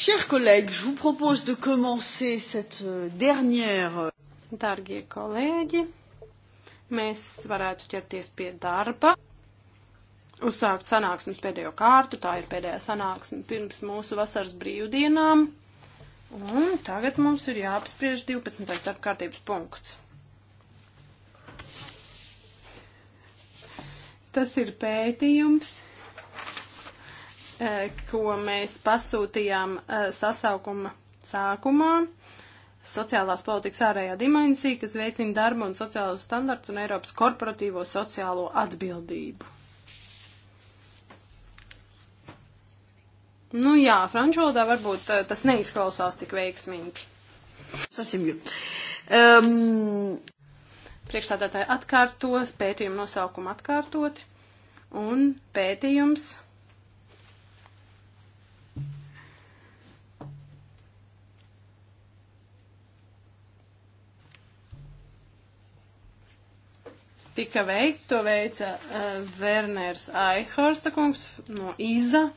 Chers collègues, je vous propose de commencer cette euh, dernière. Euh, Dargie kolēģi, mēs varētu ķerties pie darba. Uzsākt sanāksmes pēdējo kārtu, tā ir pēdējā sanāksme pirms mūsu vasaras brīvdienām. Un tagad mums ir jāapspriež 12. apkārtības punkts. Tas ir pētījums Eh, ko mēs pasūtījām eh, sasaukuma sākumā. Sociālās politikas ārējā dimensija, kas veicina darbu un sociālos standarts un Eiropas korporatīvo sociālo atbildību. Nu jā, franču valodā varbūt eh, tas neizklausās tik veiksmīgi. Sasim jau. Um... Ehm. Priekšstādātāji atkārtos, pētījuma nosaukuma atkārtot, un pētījums tika veikts, to veica uh, Werners Aihorsta kungs no Iza,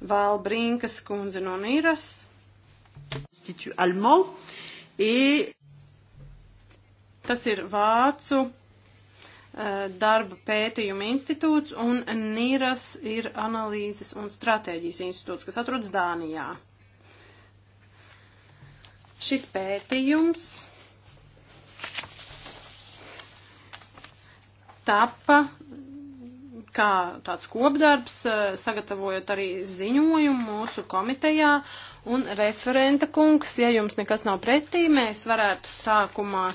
Valbrinkas kundze no Nīras. Tas ir Vācu eh, darba pētījuma institūts un NIRAS ir analīzes un stratēģijas institūts, kas atrodas Dānijā. Šis pētījums tapa kā tāds kopdarbs, eh, sagatavojot arī ziņojumu mūsu komitejā. Un referenta kungs, ja jums nekas nav pretī, mēs varētu sākumā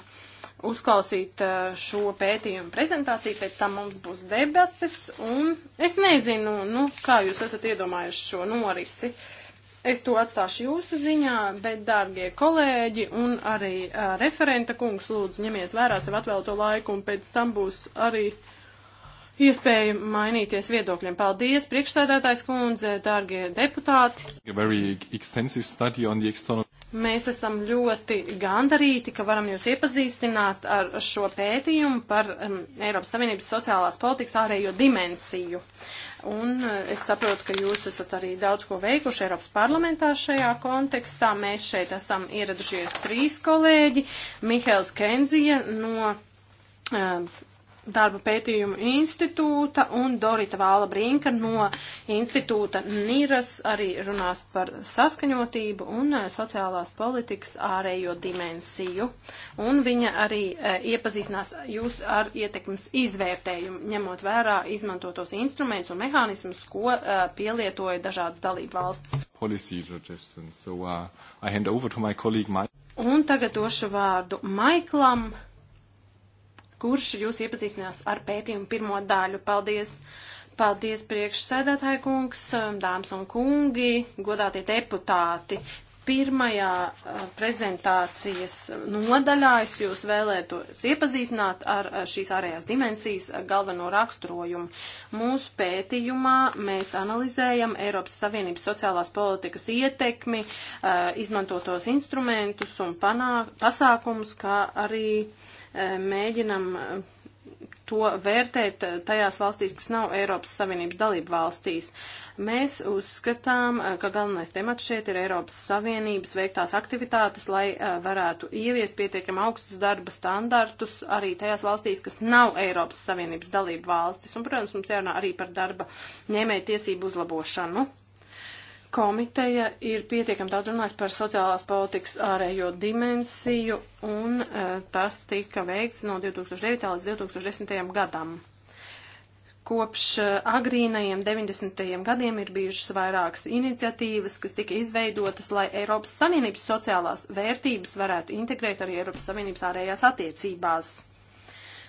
uzklausīt eh, šo pētījumu prezentāciju, pēc tam mums būs debates, un es nezinu, nu, kā jūs esat iedomājuši šo norisi. Uh, Es to atstāšu jūsu ziņā, bet, dārgie kolēģi un arī uh, referenta kungs, lūdzu, ņemiet vērā sev atvēlto laiku un pēc tam būs arī iespēja mainīties viedokļiem. Paldies, priekšsēdētājs kundze, dārgie deputāti. External... Mēs esam ļoti gandarīti, ka varam jūs iepazīstināt ar šo pētījumu par um, Eiropas Savienības sociālās politikas ārējo dimensiju. Uh, Un eh, es saprotu, ka jūs esat arī daudz ko veikuši Eiropas parlamentā šajā kontekstā. Mēs šeit esam ieradušies trīs kolēģi. Mihails Kenzija no uh, darba pētījumu institūta un Dorita Vāla Brinka no institūta Niras arī runās par saskaņotību un eh, sociālās politikas ārējo dimensiju. Un viņa arī eh, iepazīstinās jūs ar ietekmes izvērtējumu, ņemot vērā izmantotos instrumentus un mehānismus, ko eh, pielietoja dažādas dalību valsts. So, uh, my... Un tagad došu vārdu Maiklam kurš jūs iepazīstinās ar pētījumu pirmo daļu. Paldies! Paldies priekšsēdētāji kungs, dāmas un kungi, godātie deputāti! Pirmajā uh, prezentācijas nodaļā es jūs vēlētos iepazīstināt ar uh, šīs ārējās dimensijas uh, galveno raksturojumu. Mūsu pētījumā mēs analizējam Eiropas Savienības sociālās politikas ietekmi, izmantotos instrumentus un panāk, pasākums, kā arī uh, Eh, mēģinam eh, to vērtēt eh, tajās valstīs, kas nav Eiropas Savienības dalība valstīs. Mēs uzskatām, ka galvenais temats šeit ir Eiropas Savienības veiktās aktivitātes, lai varētu ieviest pietiekam augstus darba standartus arī tajās valstīs, kas nav Eiropas Savienības dalība valstis. Un, protams, mums jārunā arī par darba ņēmēja tiesību uzlabošanu komiteja ir pietiekami daudz runājis par sociālās politikas ārējo dimensiju, un uh, tas tika veikts no 2009. līdz 2010. gadam. Kopš uh, agrīnajiem 90. gadiem ir bijušas vairākas iniciatīvas, kas tika izveidotas, lai Eiropas Savienības sociālās vērtības varētu integrēt arī Eiropas Savienības ārējās attiecībās.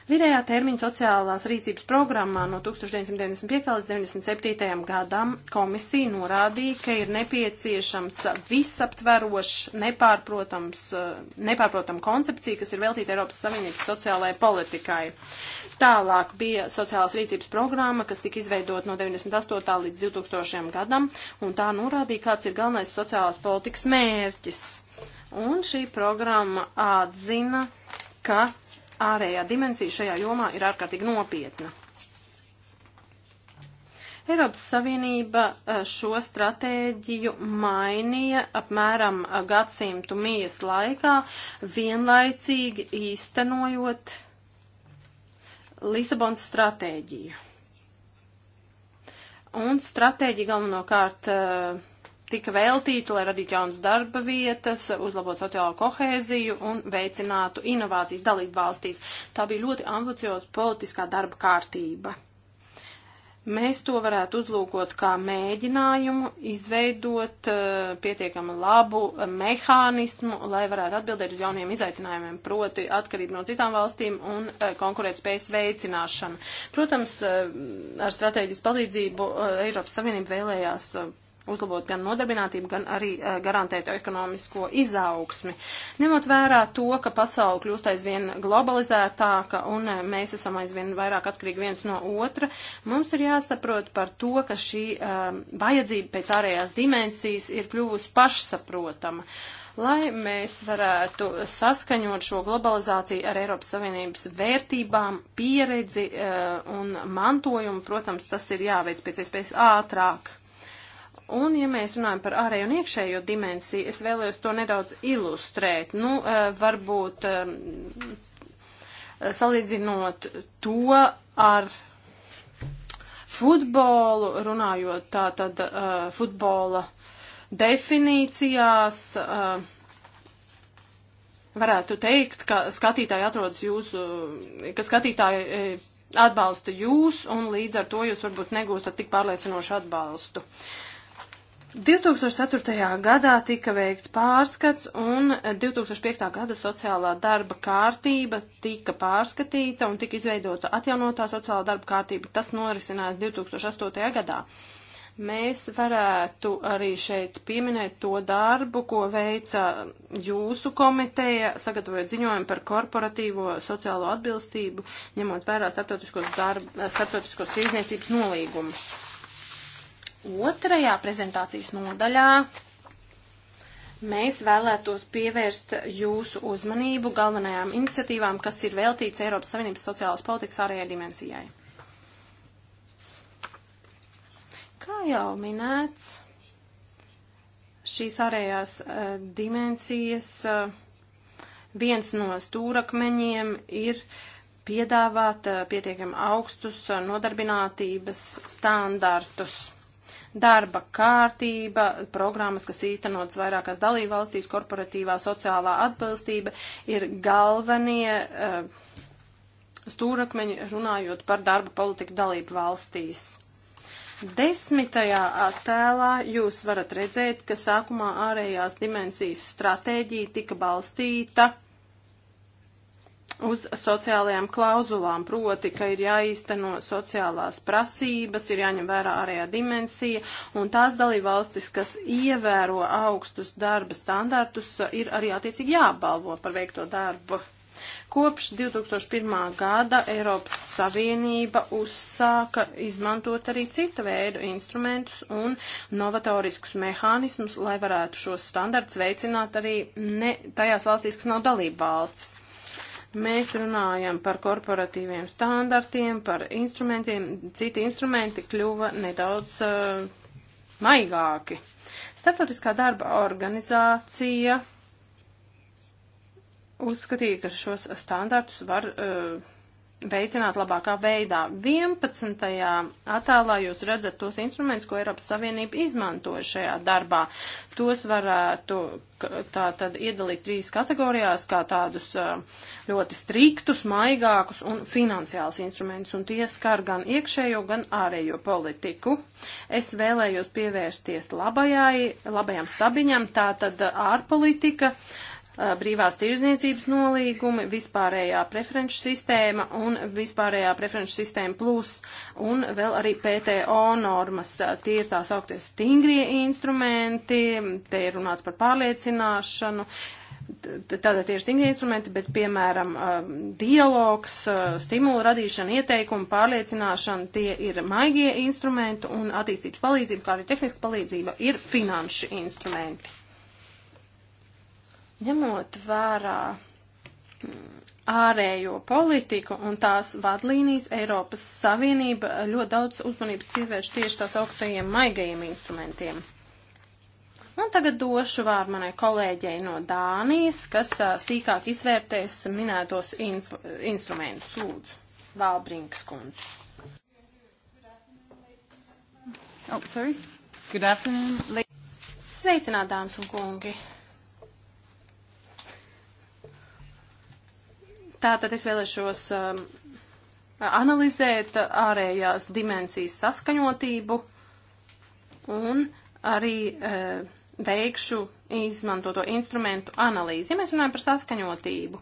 Vidējā termiņa sociālās rīcības programmā no 1995. līdz 1997. gadam komisija norādīja, ka ir nepieciešams visaptverošs, nepārprotams, nepārprotam koncepcija, kas ir veltīta Eiropas Savienības sociālajai politikai. Tālāk bija sociālās rīcības programma, kas tika izveidot no 98. līdz 2000. gadam, un tā norādīja, kāds ir galvenais sociālās politikas mērķis. Un šī programma atzina, ka ārējā dimensija šajā jomā ir ārkārtīgi nopietna. Eiropas Savienība eh, šo stratēģiju mainīja apmēram eh, gadsimtu mijas laikā, vienlaicīgi īstenojot Lisabonas stratēģiju. Un stratēģija galvenokārt uh, tika veltīti, lai radītu jaunas darba vietas, uzlabotu sociālo kohēziju un veicinātu inovācijas dalību valstīs. Tā bija ļoti ambicioza politiskā darba kārtība. Mēs to varētu uzlūkot kā mēģinājumu izveidot uh, pietiekami labu mehānismu, lai varētu atbildēt uz jauniem izaicinājumiem, proti atkarību no citām valstīm un uh, konkurētspējas veicināšanu. Protams, uh, ar stratēģijas palīdzību Eiropas Savienība vēlējās uzlabot gan nodarbinātību, gan arī uh, garantēt ekonomisko izaugsmi. Ņemot vērā to, ka pasauli kļūst aizvien globalizētāka un uh, mēs esam aizvien vairāk atkarīgi viens no otra, mums ir jāsaprot par to, ka šī uh, vajadzība pēc ārējās dimensijas ir kļuvusi pašsaprotama. Lai mēs varētu saskaņot šo globalizāciju ar Eiropas Savienības vērtībām, pieredzi uh, un mantojumu, protams, tas ir jāveic pēc iespējas ātrāk. Un, ja mēs runājam par ārējo un iekšējo dimensiju, es vēlējos to nedaudz ilustrēt. Nu, eh, varbūt ehm, salīdzinot to ar futbolu, runājot tā tad eh, futbola definīcijās, eh, varētu teikt, ka skatītāji atrodas jūsu, ka skatītāji atbalsta jūs, un līdz ar to jūs varbūt negūstat tik pārliecinošu atbalstu. Uh, 2004. gadā tika veikts pārskats un 2005. gada sociālā darba kārtība tika pārskatīta un tika izveidota atjaunotā sociālā darba kārtība. Tas norisinājās 2008. gadā. Mēs varētu arī šeit pieminēt to darbu, ko veica jūsu komiteja, sagatavojot ziņojumu par korporatīvo sociālo atbilstību, ņemot vērā starptautiskos, darba, starptautiskos tīzniecības nolīgumus. Otrajā prezentācijas nodaļā mēs vēlētos pievērst jūsu uzmanību galvenajām iniciatīvām, kas ir veltīts Eiropas Savienības sociālās politikas ārējai dimensijai. Kā jau minēts, šīs ārējās uh, dimensijas uh, viens no stūrakmeņiem ir piedāvāt uh, pietiekami augstus uh, nodarbinātības standartus darba kārtība, programmas, kas īstenotas vairākās dalībvalstīs, korporatīvā sociālā atbilstība ir galvenie uh, stūrakmeņi runājot par darba politiku dalību valstīs. Desmitajā attēlā jūs varat redzēt, ka sākumā ārējās dimensijas stratēģija tika balstīta uz sociālajām klauzulām, proti, ka ir jāīsteno sociālās prasības, ir jāņem vērā ārējā dimensija, un tās dalībvalstis, kas ievēro augstus darba standartus, ir arī attiecīgi jābalvo par veikto darbu. Kopš 2001. gada Eiropas Savienība uzsāka izmantot arī cita veidu instrumentus un novatoriskus mehānismus, lai varētu šos standarts veicināt arī ne tajās valstīs, kas nav dalība valsts. Mēs runājam par korporatīviem standartiem, par instrumentiem. Citi instrumenti kļuva nedaudz uh, maigāki. Startautiskā darba organizācija uzskatīja, ka šos standartus var uh, veicināt labākā veidā. 11. attēlā jūs redzat tos instrumentus, ko Eiropas Savienība izmantoja šajā darbā. Tos varētu tā tad iedalīt trīs kategorijās, kā tādus ļoti striktus, maigākus un finansiāls instrumentus, un tie skar gan iekšējo, gan ārējo politiku. Es vēlējos pievērsties labajai, labajam stabiņam, tā tad ārpolitika. Uh, Uh, brīvās tirzniecības nolīgumi, vispārējā preferenču sistēma un vispārējā preferenču sistēma plus un vēl arī PTO normas. Uh, tie ir tās augtie stingrie instrumenti, te ir runāts par pārliecināšanu. Tātad tie ir stingri instrumenti, bet, piemēram, uh, dialogs, stimulu radīšana, ieteikumi, pārliecināšana, tie ir maigie instrumenti un attīstības palīdzība, kā arī tehniska palīdzība, ir finanšu instrumenti. Ņemot vērā mm, ārējo politiku un tās vadlīnijas Eiropas Savienība ļoti daudz uzmanības pievērš tieši tās augstajiem maigajiem instrumentiem. Un tagad došu vārdu manai kolēģei no Dānijas, kas a, sīkāk izvērtēs minētos inf instrumentus. Lūdzu, Valbrinks kundz. Oh, sorry. Good afternoon. Sveicināti, dāmas un kungi. Tātad es vēlēšos um, analizēt ārējās dimensijas saskaņotību un arī uh, veikšu izmantoto instrumentu analīzi. Ja mēs runājam par saskaņotību,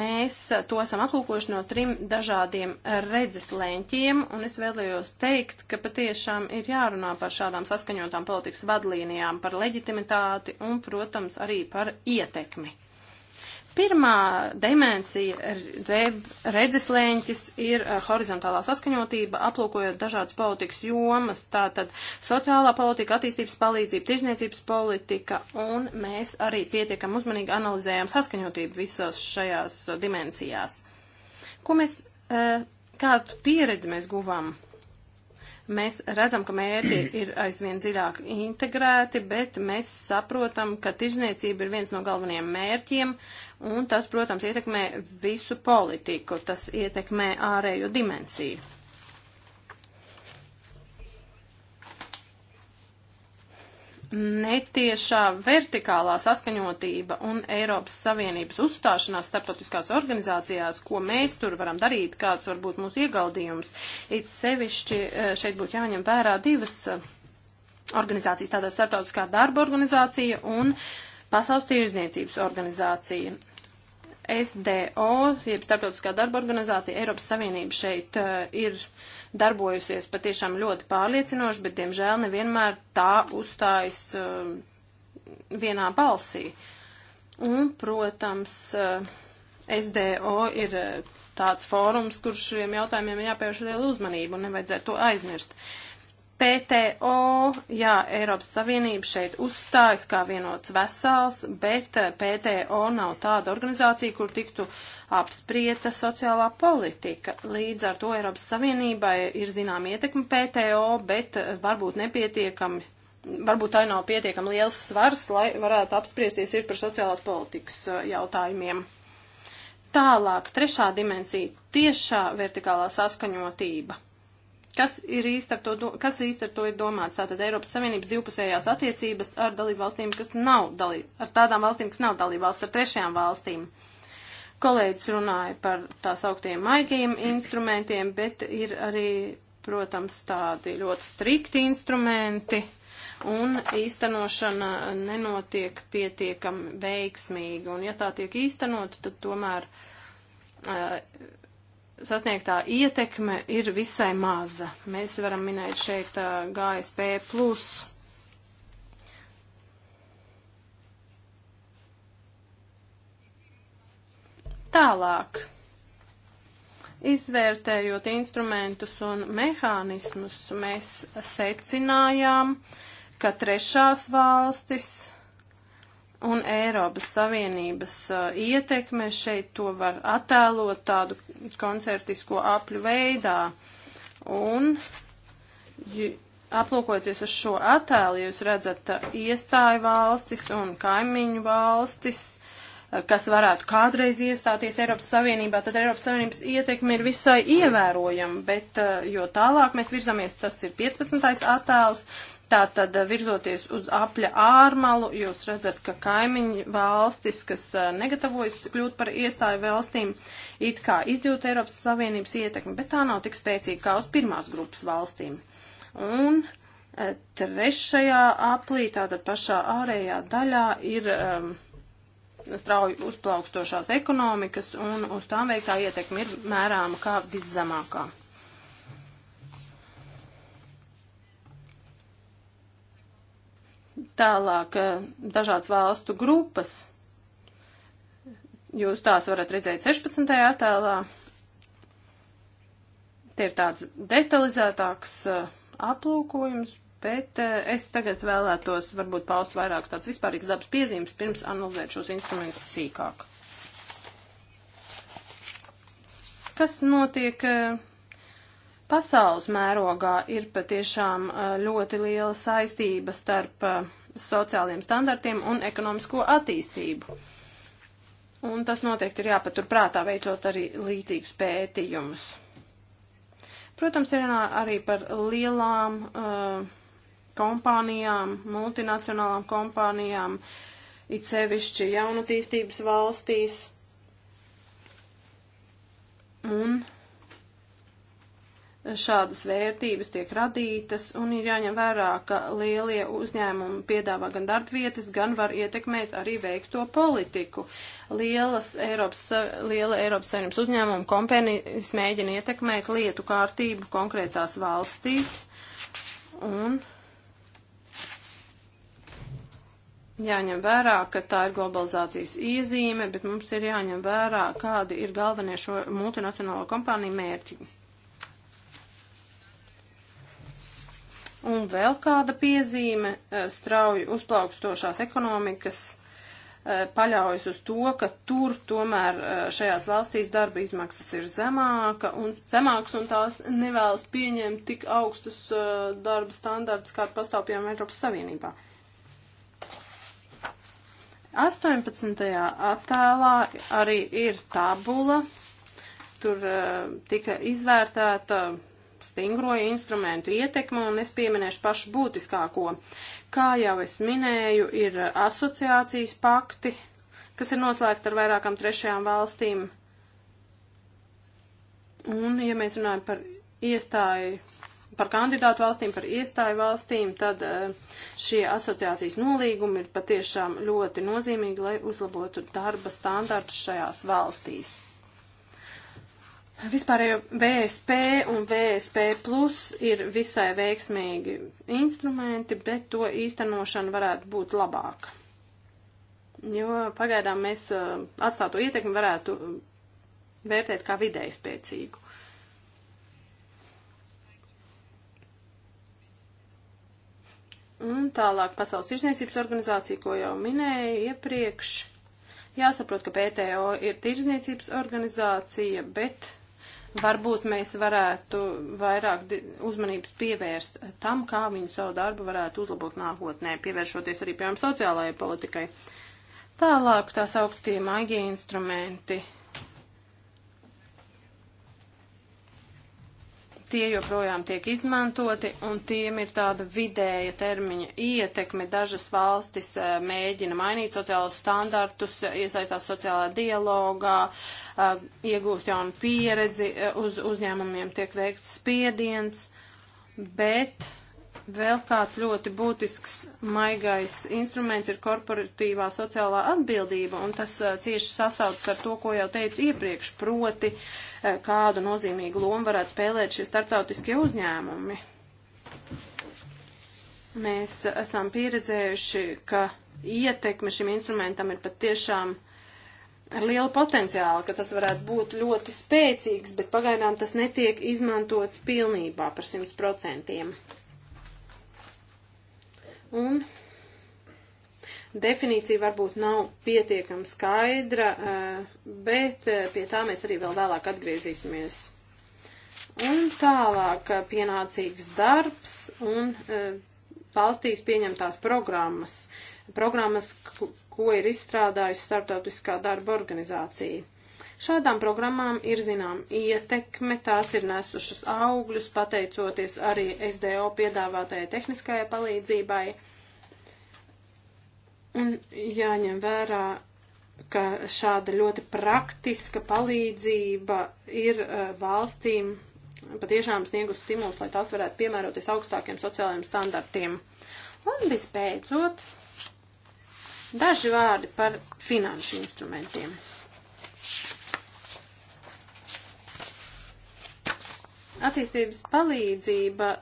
mēs to esam aplūkojuši no trim dažādiem redzes lēņķiem, un es vēlējos teikt, ka patiešām ir jārunā par šādām saskaņotām politikas vadlīnijām, par leģitimitāti un, protams, arī par ietekmi. Pirmā dimensija redzeslēņķis ir eh, horizontālā saskaņotība, aplūkojot dažādas politikas jomas, tātad sociālā politika, attīstības palīdzība, tirzniecības politika, un mēs arī pietiekam uzmanīgi analizējam saskaņotību visās šajās eh, dimensijās. Ko mēs, eh, kādu pieredzi mēs guvām Mēs redzam, ka mērķi ir aizvien dziļāk integrēti, bet mēs saprotam, ka tirzniecība ir viens no galvenajiem mērķiem, un tas, protams, ietekmē visu politiku, tas ietekmē ārējo dimensiju. netiešā vertikālā saskaņotība un Eiropas Savienības uzstāšanās starptautiskās organizācijās, ko mēs tur varam darīt, kāds var būt mūsu ieguldījums. It sevišķi eh, šeit būtu jāņem vērā divas eh, organizācijas, tādā starptautiskā darba organizācija un Pasaules tirzniecības organizācija. SDO, jeb Startautiskā darba organizācija Eiropas Savienība šeit uh, ir darbojusies patiešām ļoti pārliecinoši, bet diemžēl nevienmēr tā uzstājas uh, vienā balsī. Un, protams, uh, eh, SDO ir uh, tāds fórums, kurš šiem jautājumiem jāpievērš liela uzmanība un nevajadzētu to aizmirst. Uh, PTO, jā, Eiropas Savienība šeit uzstājas kā vienots vesels, bet eh, PTO nav tāda organizācija, kur tiktu apsprieta sociālā politika. Līdz ar to Eiropas Savienībai ir zinām ietekme PTO, bet eh, varbūt nepietiekami, varbūt tā nav pietiekami liels svars, lai varētu apspriesties tieši par sociālās politikas eh, jautājumiem. Tālāk, trešā dimensija - tiešā vertikālā saskaņotība Kas ir īsti ar to, do, kas īsti ar to ir domāts? Tātad Eiropas Savienības divpusējās attiecības ar dalību valstīm, kas nav dalība, ar tādām valstīm, kas nav dalība valsts, ar trešajām valstīm. Kolēģis runāja par tās augtiem maigajiem instrumentiem, bet ir arī, protams, tādi ļoti strikti instrumenti, un īstenošana nenotiek pietiekami veiksmīgi. Un ja tā tiek īstenota, tad tomēr. Uh, sasniegtā ietekme ir visai maza. Mēs varam minēt šeit GSP. Plus. Tālāk, izvērtējot instrumentus un mehānismus, mēs secinājām, ka trešās valstis un Eiropas Savienības uh, ietekme šeit to var attēlot tādu koncertisko apļu veidā. Un, ju, aplūkoties uz šo attēlu, jūs redzat uh, iestāju valstis un kaimiņu valstis, uh, kas varētu kādreiz iestāties Eiropas Savienībā, tad Eiropas Savienības ietekme ir visai ievērojama, bet uh, jo tālāk mēs virzamies, tas ir 15. attēls, Tātad, eh, virzoties uz apļa ārmalu, jūs redzat, ka kaimiņu valstis, kas eh, negatavojas kļūt par iestāju valstīm, it kā izjūt Eiropas Savienības ietekmi, bet tā nav tik spēcīga kā uz pirmās grupas valstīm. Un eh, trešajā aplī, tātad pašā ārējā daļā, ir um, strauji uzplaukstošās ekonomikas, un uz tām veiktā ietekme ir mērāma kā viszemākā. Tālāk eh, dažādas valstu grupas. Jūs tās varat redzēt 16. attēlā. Tie ir tāds detalizētāks eh, aplūkojums, bet eh, es tagad vēlētos varbūt paust vairākas tāds vispārīgs dabas piezīmes pirms analizēt šos instrumentus sīkāk. Kas notiek Pasaules mērogā ir patiešām ļoti liela saistība starp sociāliem standartiem un ekonomisko attīstību. Un tas noteikti ir jāpaturprātā, veicot arī līdzīgus pētījumus. Protams, ir arī par lielām uh, kompānijām, multinacionālām kompānijām, it sevišķi jaunatīstības valstīs. Un šādas vērtības tiek radītas, un ir jāņem vērā, ka lielie uzņēmumi piedāvā gan darbvietas, gan var ietekmēt arī veikto politiku. Lielas Eiropas, liela Eiropas saimnības uzņēmuma kompānijas mēģina ietekmēt lietu kārtību konkrētās valstīs, un jāņem vērā, ka tā ir globalizācijas iezīme, bet mums ir jāņem vērā, kādi ir galvenie šo multinacionālo kompāniju mērķi. Un vēl kāda piezīme eh, - strauji uzplaukstošās ekonomikas eh, paļaujas uz to, ka tur tomēr eh, šajās valstīs darba izmaksas ir zemāka un zemāks un tās nevēlas pieņemt tik augstus darba standartus, kādi pastāv piemēram Eiropas Savienībā. 18. attēlā arī ir tabula, tur tika izvērtēta stingroja instrumentu ietekme, un es pieminēšu pašu būtiskāko. Kā jau es minēju, ir asociācijas pakti, kas ir noslēgti ar vairākām trešajām valstīm. Un, ja mēs runājam par iestāju, par kandidātu valstīm, par iestāju valstīm, tad eh, šie asociācijas nolīgumi ir patiešām ļoti nozīmīgi, lai uzlabotu darba standartus šajās valstīs. Vispārējo VSP un VSP plus ir visai veiksmīgi instrumenti, bet to īstenošana varētu būt labāka. Jo pagaidām mēs eh, atstāto ietekmi varētu vērtēt kā vidēji spēcīgu. Un tālāk Pasaules tirzniecības organizācija, ko jau minēju iepriekš. Jāsaprot, ka PTO ir tirzniecības organizācija, bet Varbūt mēs varētu vairāk uzmanības pievērst tam, kā viņi savu darbu varētu uzlabot nākotnē, pievēršoties arī, piemēram, sociālajai politikai. Tālāk tā sauktie maigie instrumenti. Uh, tie joprojām tiek izmantoti un tiem ir tāda vidēja termiņa ietekme. Dažas valstis eh, mēģina mainīt sociālos standartus, eh, iesaistās sociālā dialogā, eh, iegūst jaunu pieredzi, uz uzņēmumiem tiek veikts spiediens, bet Vēl kāds ļoti būtisks maigais instruments ir korporatīvā sociālā atbildība, un tas uh, cieši sasaucas ar to, ko jau teicu iepriekš, proti, uh, kādu nozīmīgu lomu varētu spēlēt šie startautiskie uzņēmumi. Mēs uh, esam pieredzējuši, ka ietekme šim instrumentam ir patiešām ar lielu potenciālu, ka tas varētu būt ļoti spēcīgs, bet pagaidām tas netiek izmantots pilnībā par 100% un definīcija varbūt nav pietiekami skaidra, eh, bet eh, pie tā mēs arī vēl vēlāk atgriezīsimies. Un tālāk eh, pienācīgs darbs un valstīs pieņemtās programmas, programmas, ko ir izstrādājusi Startautiskā darba organizācija. Šādām programmām ir zinām ietekme, tās ir nesušas augļus, pateicoties arī SDO piedāvātajai tehniskajai palīdzībai. Un jāņem vērā, ka šāda ļoti praktiska palīdzība ir eh, valstīm patiešām sniegus stimulus, lai tās varētu piemēroties augstākiem sociālajiem standartiem. Un visbeidzot, daži vārdi par finanšu instrumentiem. Attīstības palīdzība eh,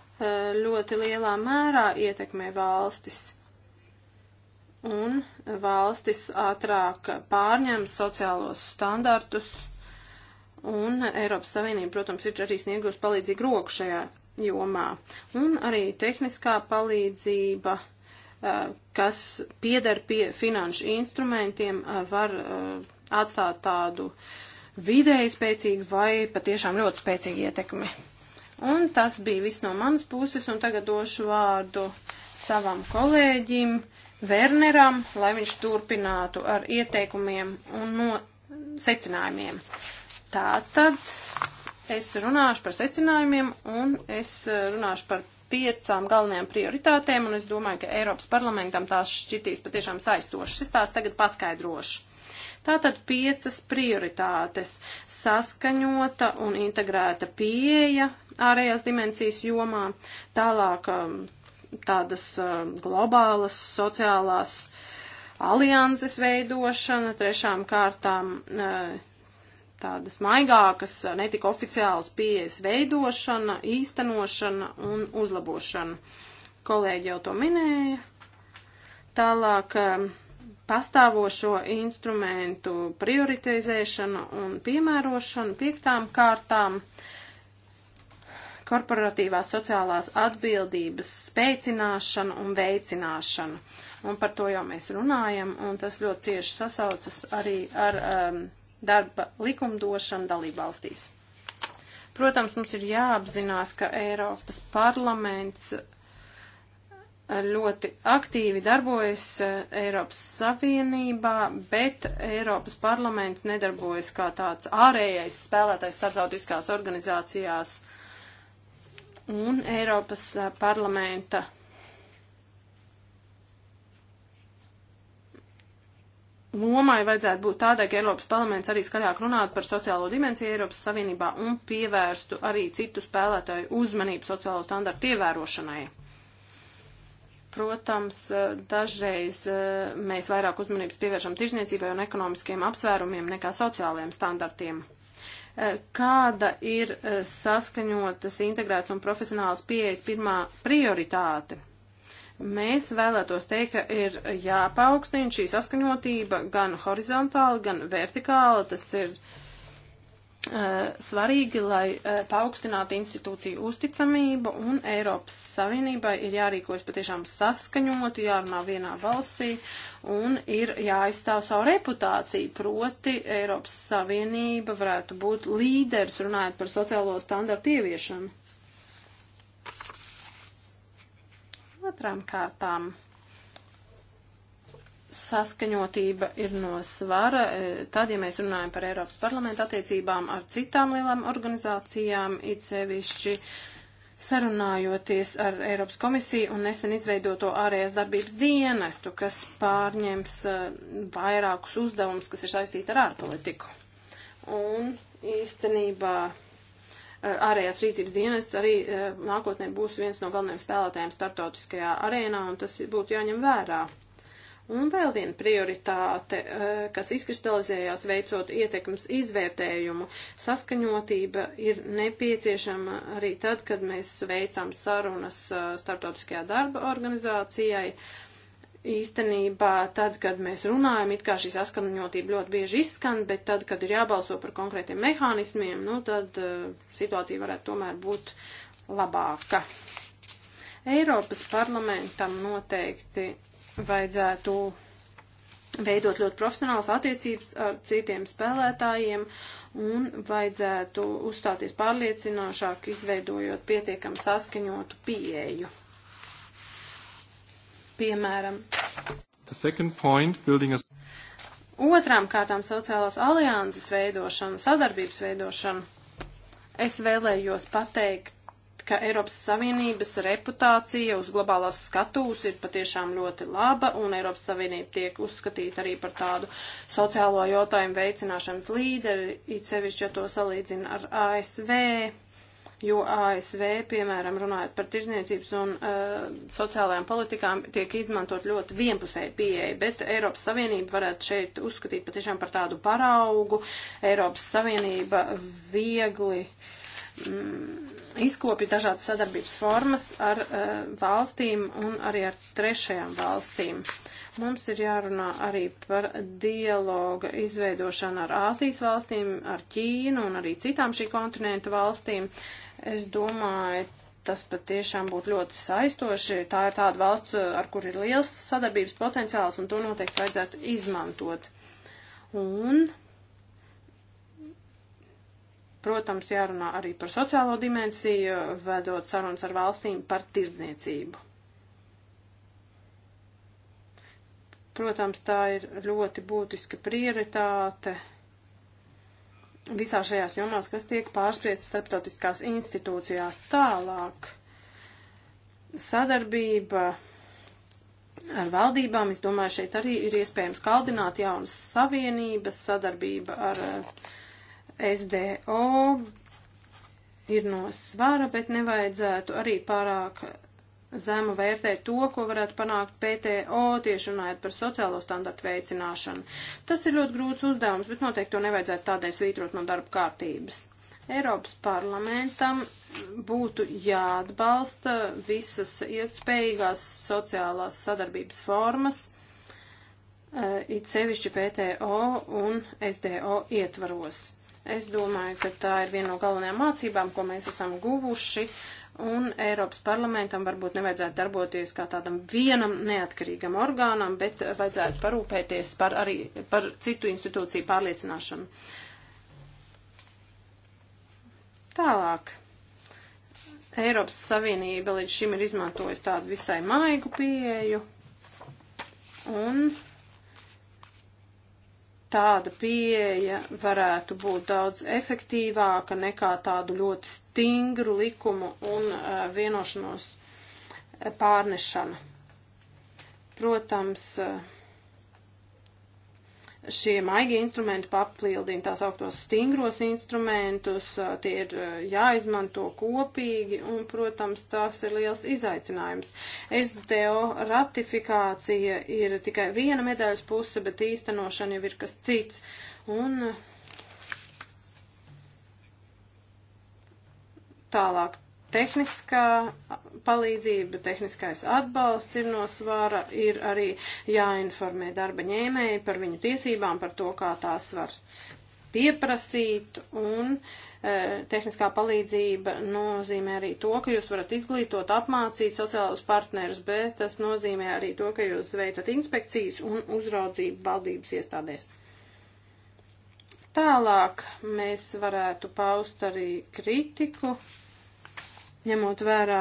ļoti lielā mērā ietekmē valstis un valstis ātrāk pārņem sociālos standartus, un Eiropas Savienība, protams, ir arī sniegusi palīdzīgu roku šajā jomā, un arī tehniskā palīdzība eh, kas pieder pie finanšu instrumentiem, eh, var eh, atstāt tādu vidēji spēcīgu vai patiešām ļoti spēcīgu ietekmi. Un tas bija viss no manas puses, un tagad došu vārdu savam kolēģim, uh, Werneram, lai viņš turpinātu ar ieteikumiem un no secinājumiem. Tātad es runāšu par secinājumiem un es eh, runāšu par piecām galvenajām prioritātēm, un es domāju, ka Eiropas parlamentam tās šķitīs patiešām saistošas. Es tās tagad paskaidrošu. Tātad piecas prioritātes - saskaņota un integrēta pieeja ārējās dimensijas jomā, tālāk um, tādas uh, globālas sociālās alianses veidošana, trešām kārtām uh, tādas maigākas, netik oficiālas pieejas veidošana, īstenošana un uzlabošana. Kolēģi jau to minēja. Tālāk um, pastāvošo instrumentu prioritizēšana un piemērošana piektām kārtām. Uh, korporatīvās sociālās atbildības spēcināšanu un veicināšanu. Un par to jau mēs runājam, un tas ļoti cieši sasaucas arī ar um, darba likumdošanu dalībvalstīs. Protams, mums ir jāapzinās, ka Eiropas parlaments uh, ļoti aktīvi darbojas uh, Eiropas Savienībā, bet Eiropas parlaments nedarbojas kā tāds ārējais spēlētājs starptautiskās organizācijās un Eiropas parlamenta. Lomai vajadzētu būt tādai, ka Eiropas parlaments arī skaļāk runātu par sociālo dimensiju Eiropas Savienībā un pievērstu arī citu spēlētāju uzmanību sociālo standartu ievērošanai. Protams, dažreiz mēs vairāk uzmanības pievēršam tirzniecībai un ekonomiskiem apsvērumiem nekā sociālajiem standartiem. Eh, kāda ir eh, saskaņotas, integrētas un profesionālas pieejas pirmā prioritāte. Mēs vēlētos teikt, ka ir jāpaukstina šī saskaņotība gan horizontāli, gan vertikāli. Tas ir uh, Eh, svarīgi, lai eh, paaugstinātu institūciju uzticamību un Eiropas Savienībai ir jārīkojas patiešām saskaņot, jārunā vienā valsī un ir jāizstāv savu reputāciju. Proti Eiropas Savienība varētu būt līderis runājot par sociālo standartu ieviešanu. Otrām kārtām saskaņotība ir no svara, e, tad, ja mēs runājam par Eiropas parlamentu attiecībām ar citām lielām organizācijām, it sevišķi sarunājoties ar Eiropas komisiju un nesen izveidoto ārējās darbības dienestu, kas pārņems e, vairākus uzdevumus, kas ir saistīti ar ārpolitiku. Un īstenībā e, ārējās rīcības dienests arī nākotnē būs viens no galvenajiem spēlētājiem starptautiskajā arēnā, un tas būtu jāņem vērā. Un vēl viena prioritāte, eh, kas izkristalizējās veicot ietekmes izvērtējumu, saskaņotība ir nepieciešama arī tad, kad mēs veicam sarunas eh, starptautiskajā darba organizācijai. Īstenībā tad, kad mēs runājam, it kā šī saskaņotība ļoti bieži izskan, bet tad, kad ir jābalso par konkrētiem mehānismiem, nu tad uh, situācija varētu tomēr būt labāka. Eiropas parlamentam noteikti vajadzētu veidot ļoti profesionālas attiecības ar citiem spēlētājiem un vajadzētu uzstāties pārliecinošāk, izveidojot pietiekam saskaņotu pieeju. Piemēram. Point, a... Otrām kārtām sociālās alianses veidošana, sadarbības veidošana. Es vēlējos pateikt ka Eiropas Savienības reputācija uz globālās skatūs ir patiešām ļoti laba, un Eiropas Savienība tiek uzskatīta arī par tādu sociālo jautājumu veicināšanas līderi, it sevišķi, ja to salīdzina ar ASV, jo ASV, piemēram, runājot par tirzniecības un uh, sociālajām politikām, tiek izmantot ļoti vienpusēji pieeja, bet Eiropas Savienība varētu šeit uzskatīt patiešām par tādu paraugu. Eiropas Savienība viegli. Mm, izkopja dažādas sadarbības formas ar uh, valstīm un arī ar trešajām valstīm. Mums ir jārunā arī par dialoga izveidošanu ar Āzijas valstīm, ar Ķīnu un arī citām šī kontinenta valstīm. Es domāju, tas patiešām būtu ļoti saistoši. Tā ir tāda valsts, eh, ar kur ir liels sadarbības potenciāls un to noteikti vajadzētu izmantot. Un Protams, jārunā arī par sociālo dimensiju, vedot sarunas ar valstīm par tirdzniecību. Protams, tā ir ļoti būtiska prioritāte visā šajās jomās, kas tiek pārspriestas starptautiskās institūcijās tālāk. Sadarbība ar valdībām, es domāju, šeit arī ir iespējams kaldināt jaunas savienības, sadarbība ar uh, SDO ir no svara, bet nevajadzētu arī pārāk zemu vērtēt to, ko varētu panākt PTO, tieši runājot par sociālo standartu veicināšanu. Tas ir ļoti grūts uzdevums, bet noteikti to nevajadzētu tādēļ svītrot no darba kārtības. Eiropas parlamentam būtu jāatbalsta visas ilgspējīgās sociālās sadarbības formas, eh, it sevišķi PTO un SDO ietvaros Es domāju, ka tā ir viena no galvenajām mācībām, ko mēs esam guvuši, un Eiropas parlamentam varbūt nevajadzētu darboties kā tādam vienam neatkarīgam orgānam, bet vajadzētu parūpēties par arī par citu institūciju pārliecināšanu. Tālāk. Eiropas Savienība līdz šim ir izmantojusi tādu visai maigu pieeju, un tāda pieeja varētu būt daudz efektīvāka nekā tādu ļoti stingru likumu un uh, vienošanos uh, pārnešana. Protams, uh, šie maigi instrumenti papildina tās augtos stingros instrumentus, tie ir jāizmanto kopīgi un, protams, tās ir liels izaicinājums. SDO ratifikācija ir tikai viena medaļas puse, bet īstenošana jau ir kas cits. Un tālāk tehniskā palīdzība, tehniskais atbalsts ir no svara, ir arī jāinformē darba ņēmēji par viņu tiesībām, par to, kā tās var pieprasīt un e, tehniskā palīdzība nozīmē arī to, ka jūs varat izglītot, apmācīt sociālus partnerus, bet tas nozīmē arī to, ka jūs veicat inspekcijas un uzraudzību valdības iestādēs. Tālāk mēs varētu paust arī kritiku ņemot vērā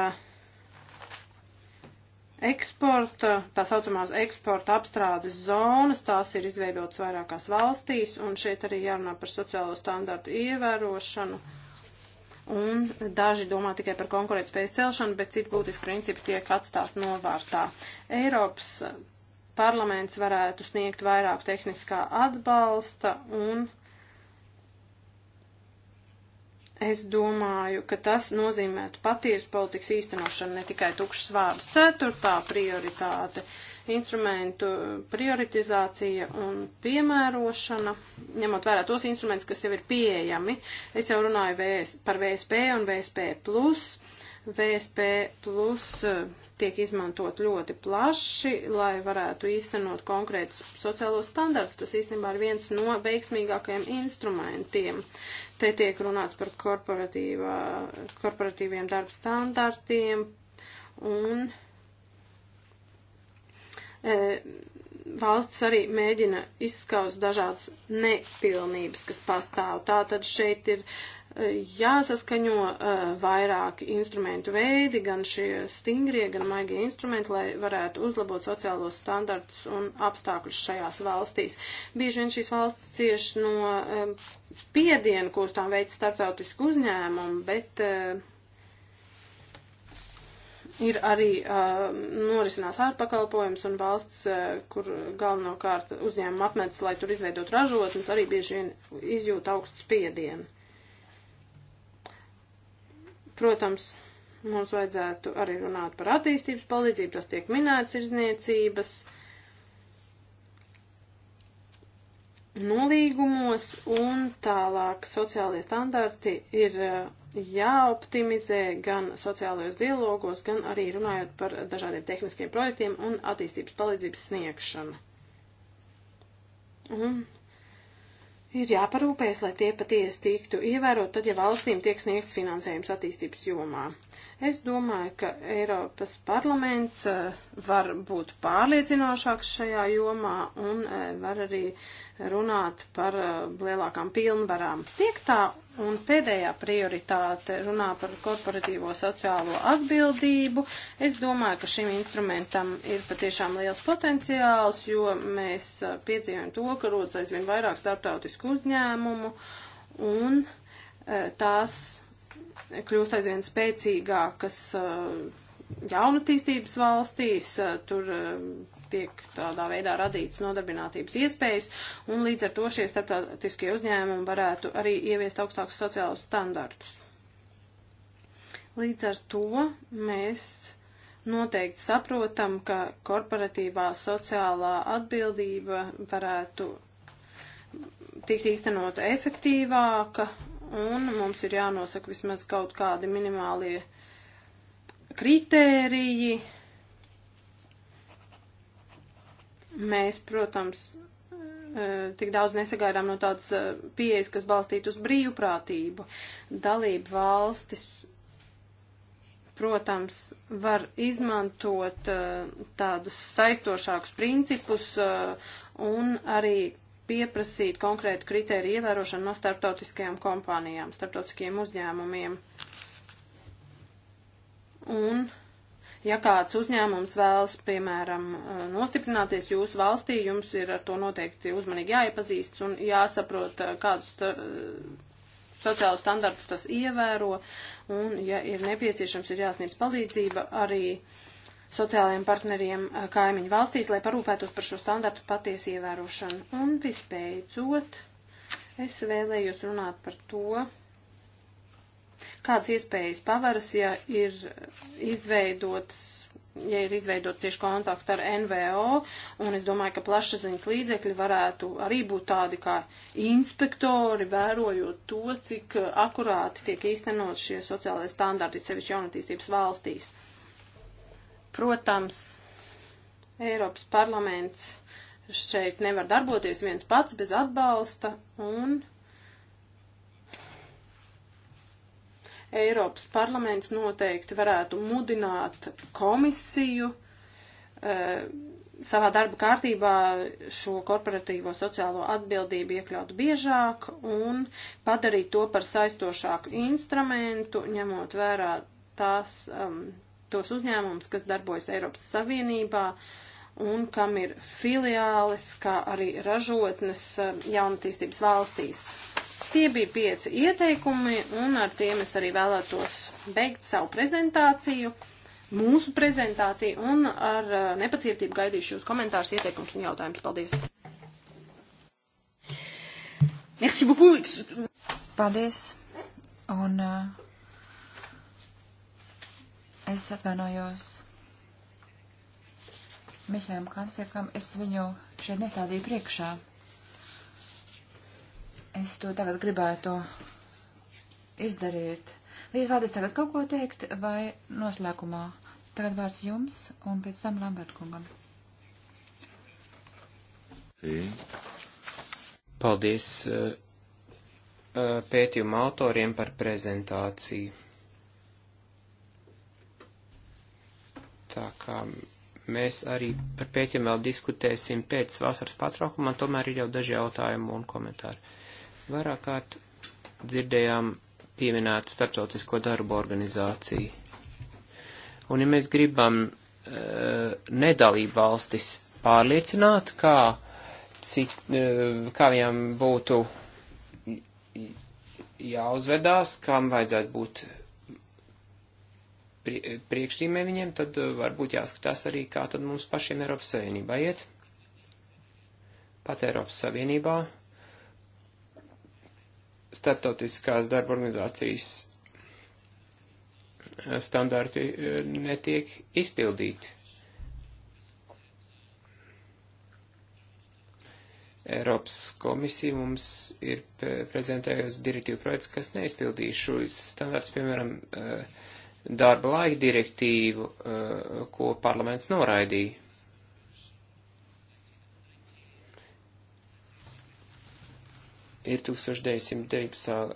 eksporta, tā saucamās eksporta apstrādes zonas, tās ir izveidotas vairākās valstīs, un šeit arī jārunā par sociālo standartu ievērošanu. Un daži domā tikai par konkurētspējas celšanu, bet citi būtiski principi tiek atstāt novārtā. Eiropas parlaments varētu sniegt vairāk tehniskā atbalsta un Es domāju, ka tas nozīmētu patiesu politikas īstenošanu, ne tikai tukšas vārdus. Ceturtā prioritāte - instrumentu prioritizācija un piemērošana, ņemot vērā tos instrumentus, kas jau ir pieejami. Es jau runāju VS, par VSP un VSP. Plus. VSP plus eh, tiek izmantot ļoti plaši, lai varētu īstenot konkrētus sociālos standartus. Tas īstenībā ir viens no veiksmīgākajiem instrumentiem. Te tiek runāts par korporatīviem darba standartiem un e, valsts arī mēģina izskaust dažādas nepilnības, kas pastāv. Tātad šeit ir jāsaskaņo uh, vairāki instrumentu veidi, gan šie stingrie, gan maigie instrumenti, lai varētu uzlabot sociālos standartus un apstākļus šajās valstīs. Bieži vien šīs valstis cieš no uh, eh, piedienu, ko uz tām veids starptautisku uzņēmumu, bet uh, ir arī uh, norisinās ārpakalpojums un valsts, uh, kur galvenokārt uzņēmuma apmetas, lai tur izveidot ražotnes, arī bieži vien izjūta augstu spiedienu. Protams, mums vajadzētu arī runāt par attīstības palīdzību, tas tiek minēts izniecības nolīgumos un tālāk sociālie standarti ir eh, jāoptimizē gan sociālajos dialogos, gan arī runājot par dažādiem tehniskiem projektiem un attīstības palīdzības sniegšanu. Un ir jāparūpēs, lai tie patiesi tiktu ievērot, tad, ja valstīm tiek sniegts finansējums attīstības jomā. Es domāju, ka Eiropas parlaments eh, var būt pārliecinošāks šajā jomā un eh, var arī runāt par eh, lielākām pilnvarām. Piektā Un pēdējā prioritāte runā par korporatīvo sociālo atbildību. Es domāju, ka šim instrumentam ir patiešām liels potenciāls, jo mēs uh, piedzīvojam to, ka rodas aizvien vairāk starptautisku uzņēmumu un uh, tās kļūst aizvien spēcīgākas uh, jaunatīstības valstīs. Tur tiek tādā veidā radīts nodarbinātības iespējas, un līdz ar to šie starptautiskie uzņēmumi varētu arī ieviest augstākus sociālus standartus. Līdz ar to mēs noteikti saprotam, ka korporatīvā sociālā atbildība varētu tikt īstenota efektīvāka, un mums ir jānosaka vismaz kaut kādi minimālie kritēriji, Mēs, protams, eh, tik daudz nesagaidām no tādas eh, pieejas, kas balstītu uz brīvprātību. Dalību valstis, protams, var izmantot eh, tādus saistošākus principus un arī pieprasīt konkrētu kritēriju ievērošanu no starptautiskajām kompānijām, starptautiskajiem uzņēmumiem. Un Ja kāds uzņēmums vēlas, piemēram, eh, nostiprināties jūsu valstī, jums ir ar to noteikti uzmanīgi jāiepazīstas un jāsaprot, eh, kādus sociālus standartus tas ievēro, un, ja ir nepieciešams, ir jāsniedz palīdzība arī sociālajiem partneriem eh, kaimiņu valstīs, lai parūpētos par šo standartu patiesu ievērošanu. Un visbeidzot, es vēlējos runāt par to, Kādas iespējas pavaras, ja ir izveidotas ja ir izveidot cieši kontaktu ar NVO, un es domāju, ka plašsaziņas līdzekļi varētu arī būt tādi kā inspektori, vērojot to, cik akurāti tiek īstenot šie sociālai standarti, sevišķi jaunatīstības valstīs. Protams, Eiropas parlaments šeit nevar darboties viens pats bez atbalsta, un Eiropas parlaments noteikti varētu mudināt komisiju eh, savā darba kārtībā šo korporatīvo sociālo atbildību iekļaut biežāk un padarīt to par saistošāku instrumentu, ņemot vērā tās, um, tos uzņēmumus, kas darbojas Eiropas Savienībā un kam ir filiālis, kā arī ražotnes um, jaunatīstības valstīs. Tie bija pieci ieteikumi, un ar tiem es arī vēlētos beigt savu prezentāciju, mūsu prezentāciju, un ar uh, nepacietību gaidīšu jūs komentārus, ieteikumus un jautājumus. Paldies! Merci beaucoup! Paldies! Un uh, es atvainojos. Mihēlam Kancekam, es viņu šeit nestādīju priekšā. Es to tagad gribētu izdarīt. Vai jūs vēlaties tagad kaut ko teikt vai noslēgumā? Tagad vārds jums un pēc tam Lambertkungam. Paldies eh, eh, pētījuma autoriem par prezentāciju. Tā kā mēs arī par pētījumu vēl diskutēsim pēc vasaras patraukuma, tomēr ir jau daži jautājumi un komentāri. Vairāk kārt dzirdējām pieminēt starptautisko darbu organizāciju. Un ja mēs gribam e, nedalību valstis pārliecināt, kā, cik, e, kā viņam būtu jāuzvedās, kam vajadzētu būt priekšrīmē viņiem, tad eh, varbūt jāskatās arī, kā tad mums pašiem Eiropas Savienībā iet. Pat Eiropas Savienībā starptautiskās darba organizācijas eh, standarti eh, netiek izpildīti. Eiropas komisija mums ir prezentējusi direktīvu projekts, kas neizpildīs šo standarts, piemēram, eh, darba laika direktīvu, ko parlaments noraidīja. ir 1990.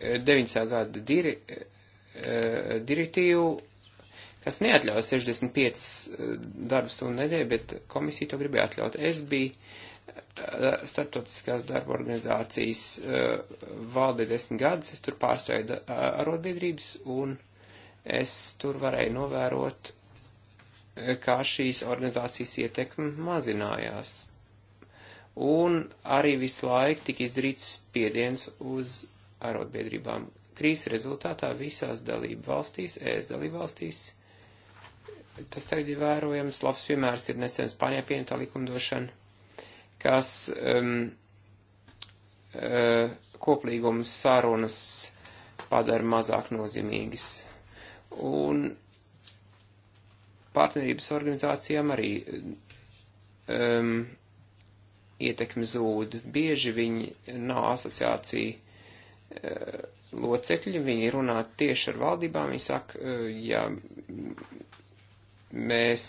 Eh, eh, eh, gada diri, direktīvu, kas neatļauj 65 darbu stundu nedēļu, bet komisija to gribēja atļaut. Es biju starptautiskās darba organizācijas valde desmit gadus, es tur pārstāju arotbiedrības un es tur varēju novērot, kā šīs organizācijas ietekme mazinājās un arī visu laiku tika izdarīts spiediens uz arotbiedrībām. Krīzes rezultātā visās dalību valstīs, ES dalību valstīs, tas tagad ir vērojams, labs piemērs ir nesen Spānijā pieņemta likumdošana, kas um, uh, koplīgums sarunas padara mazāk nozīmīgas. Un partnerības organizācijām arī um, ietekme zūd. Bieži viņi nav asociācija e, locekļi, viņi runā tieši ar valdībām, viņi saka, e, ja mēs,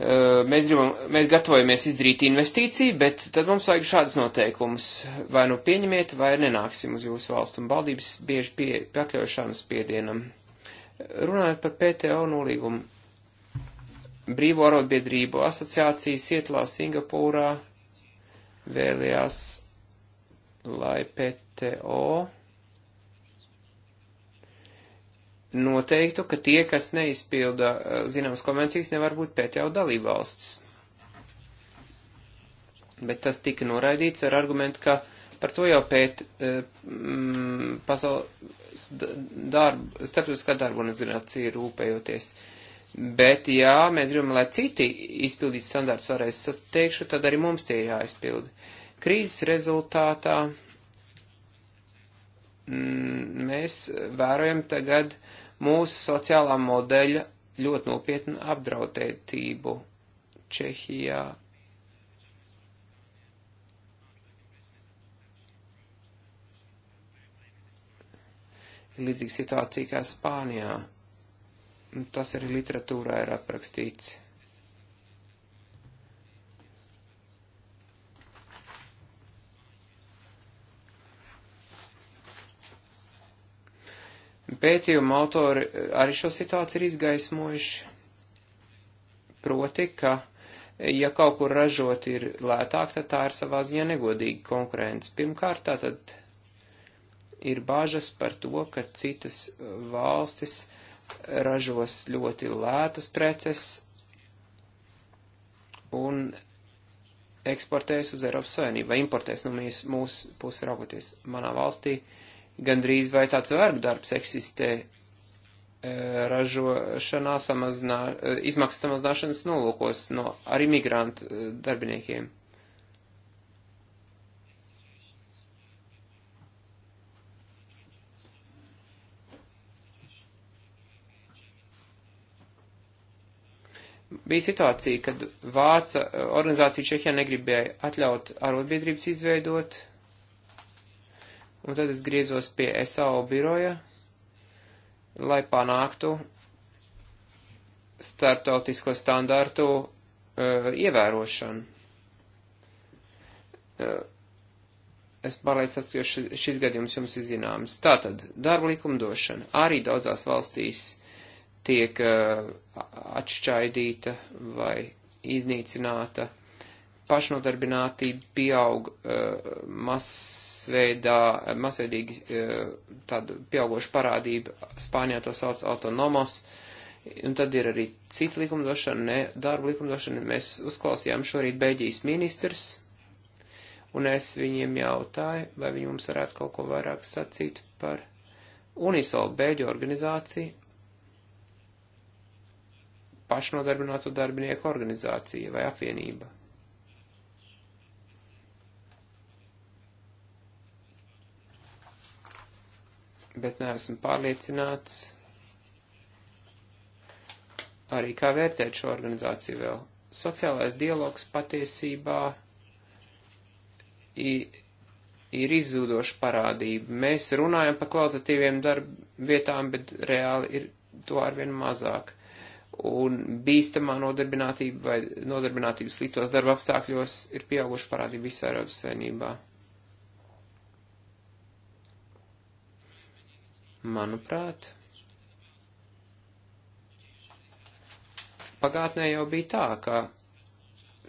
e, mēs, gribam, mēs gatavojamies izdarīt investīciju, bet tad mums vajag šādas noteikumus. Vai nu pieņemiet, vai nenāksim uz jūsu valstu, un valdības bieži pie, pakļauj šādam spiedienam. Runājot par PTO nolīgumu Brīvo arotbiedrību asociācija Sietlā Singapūrā vēlējās, lai PTO noteiktu, ka tie, kas neizpilda eh, zināmas konvencijas, nevar būt PTO dalībvalsts. Bet tas tika noraidīts ar argumentu, ka par to jau pēt eh, mm, pasaules darbu, starptautiskā darba organizācija rūpējoties. Uh, Bet, ja mēs gribam, lai citi izpildīt standārts varēs, tad teikšu, tad arī mums tie ir jāizpilda. Krīzes rezultātā mm, mēs vērojam tagad mūsu sociālā modeļa ļoti nopietnu apdraudētību Čehijā. Līdzīga situācija kā Spānijā. Tas arī literatūrā ir aprakstīts. Pētījuma autori arī šo situāciju ir izgaismojuši. Proti, ka, ja kaut kur ražot ir lētāk, tad tā ir savā ziņā negodīga konkurence. Pirmkārt, tā tad ir bažas par to, ka citas valstis ražos ļoti lētas preces un eksportēs uz Eiropas Savienību vai importēs no nu, mēs, mūsu puses raugoties. Manā valstī gandrīz vai tāds vergu darbs eksistē e, ražošanā samazinā, e, izmaksu samazināšanas nolūkos no arī migrantu e, darbiniekiem. bija situācija, kad Vāca eh, organizācija Čehijā negribēja atļaut arotbiedrības izveidot, un tad es griezos pie SAO biroja, lai panāktu startautisko standārtu uh, eh, ievērošanu. Uh, es pārliecināts, ka šis gadījums jums ir zināms. Tātad, darba likumdošana arī daudzās valstīs uh, tiek uh, atšķaidīta vai iznīcināta. Pašnodarbinātība pieaug uh, masveidā, masveidīgi uh, tāda pieaugoša parādība, Spānijā to sauc autonomos, un tad ir arī cita likumdošana, ne darba likumdošana. Mēs uzklausījām šorīt Beļģijas ministrs, un es viņiem jautāju, vai viņi mums varētu kaut ko vairāk sacīt par UNISOL Beļģu organizāciju, pašnodarbināto darbinieku organizācija vai apvienība. Bet neesmu pārliecināts arī kā vērtēt šo organizāciju vēl. Sociālais dialogs patiesībā ir izzudoša parādība. Mēs runājam par kvalitatīviem darba vietām, bet reāli ir to arvien mazāk un bīstamā nodarbinātība vai nodarbinātības sliktos darba apstākļos ir pieauguši parādība visā Eiropas saimnībā. Manuprāt, pagātnē jau bija tā, ka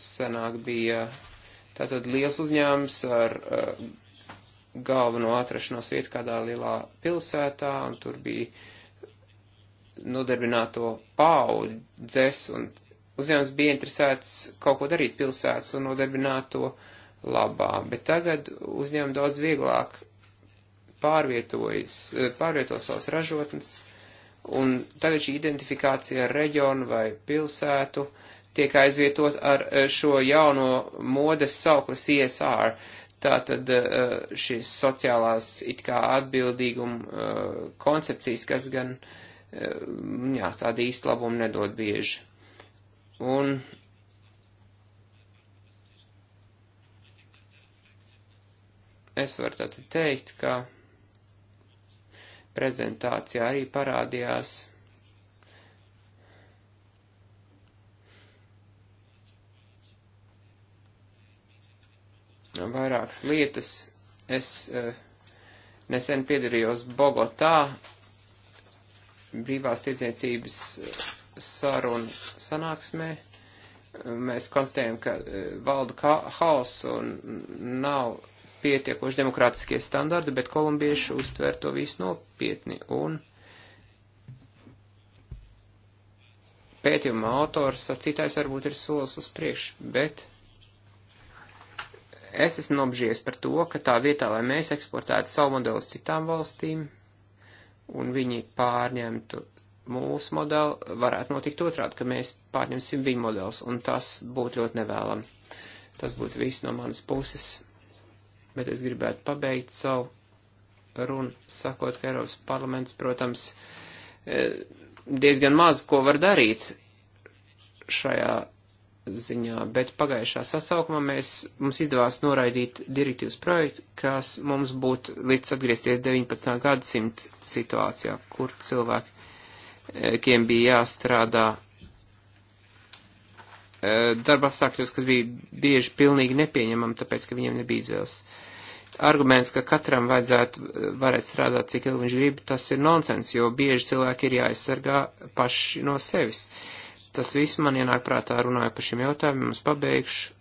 senāk bija tātad liels uzņēmums ar uh, galveno atrašanos vietu kādā lielā pilsētā, un tur bija uh, nodarbināto paudzes, un uzņēmums bija interesēts kaut ko darīt pilsētas un nodarbināto labā, bet tagad uzņēmumi daudz vieglāk pārvietojas, pārvieto savas ražotnes, un tagad šī identifikācija ar reģionu vai pilsētu tiek aizvietot ar eh, šo jauno modes saukli CSR, tātad eh, šīs sociālās it kā atbildīguma eh, koncepcijas, kas gan uh, Ehm, jā, tāda īsta labuma nedod bieži. Un es varu tātad teikt, ka prezentācijā arī parādījās vairākas lietas. Es eh, nesen piedalījos Bogotā brīvās tirdzniecības eh, sarunu sanāksmē. Mēs konstatējam, ka eh, valda haoss un nav pietiekoši demokrātiskie standarti, bet kolumbieši uztver to visu nopietni. Un pētījuma autors sacītais varbūt ir solis uz priekšu, bet es esmu nobžies par to, ka tā vietā, lai mēs eksportētu savu modeli uz citām valstīm, un viņi pārņemtu mūsu modeli, varētu notikt otrādi, ka mēs pārņemsim viņu modelus, un tas būtu ļoti nevēlami. Tas būtu viss no manas puses, bet es gribētu pabeigt savu runu, sakot, ka Eiropas parlaments, protams, e, diezgan maz ko var darīt šajā ziņā, bet pagājušā sasaukumā mēs, mums izdevās noraidīt direktīvas projektu, kas mums būtu līdz atgriezties 19. gadsimta situācijā, kur cilvēkiem bija jāstrādā e, darba apstākļos, kas bija bieži pilnīgi nepieņemami, tāpēc, ka viņiem nebija izvēles. Arguments, ka katram vajadzētu e, varēt strādāt, cik ilgi viņš grib, tas ir nonsens, jo bieži cilvēki ir jāaizsargā paši no sevis. Uh, Tas viss man ienāk prātā runāju par šiem jautājumiem, es pabeigšu,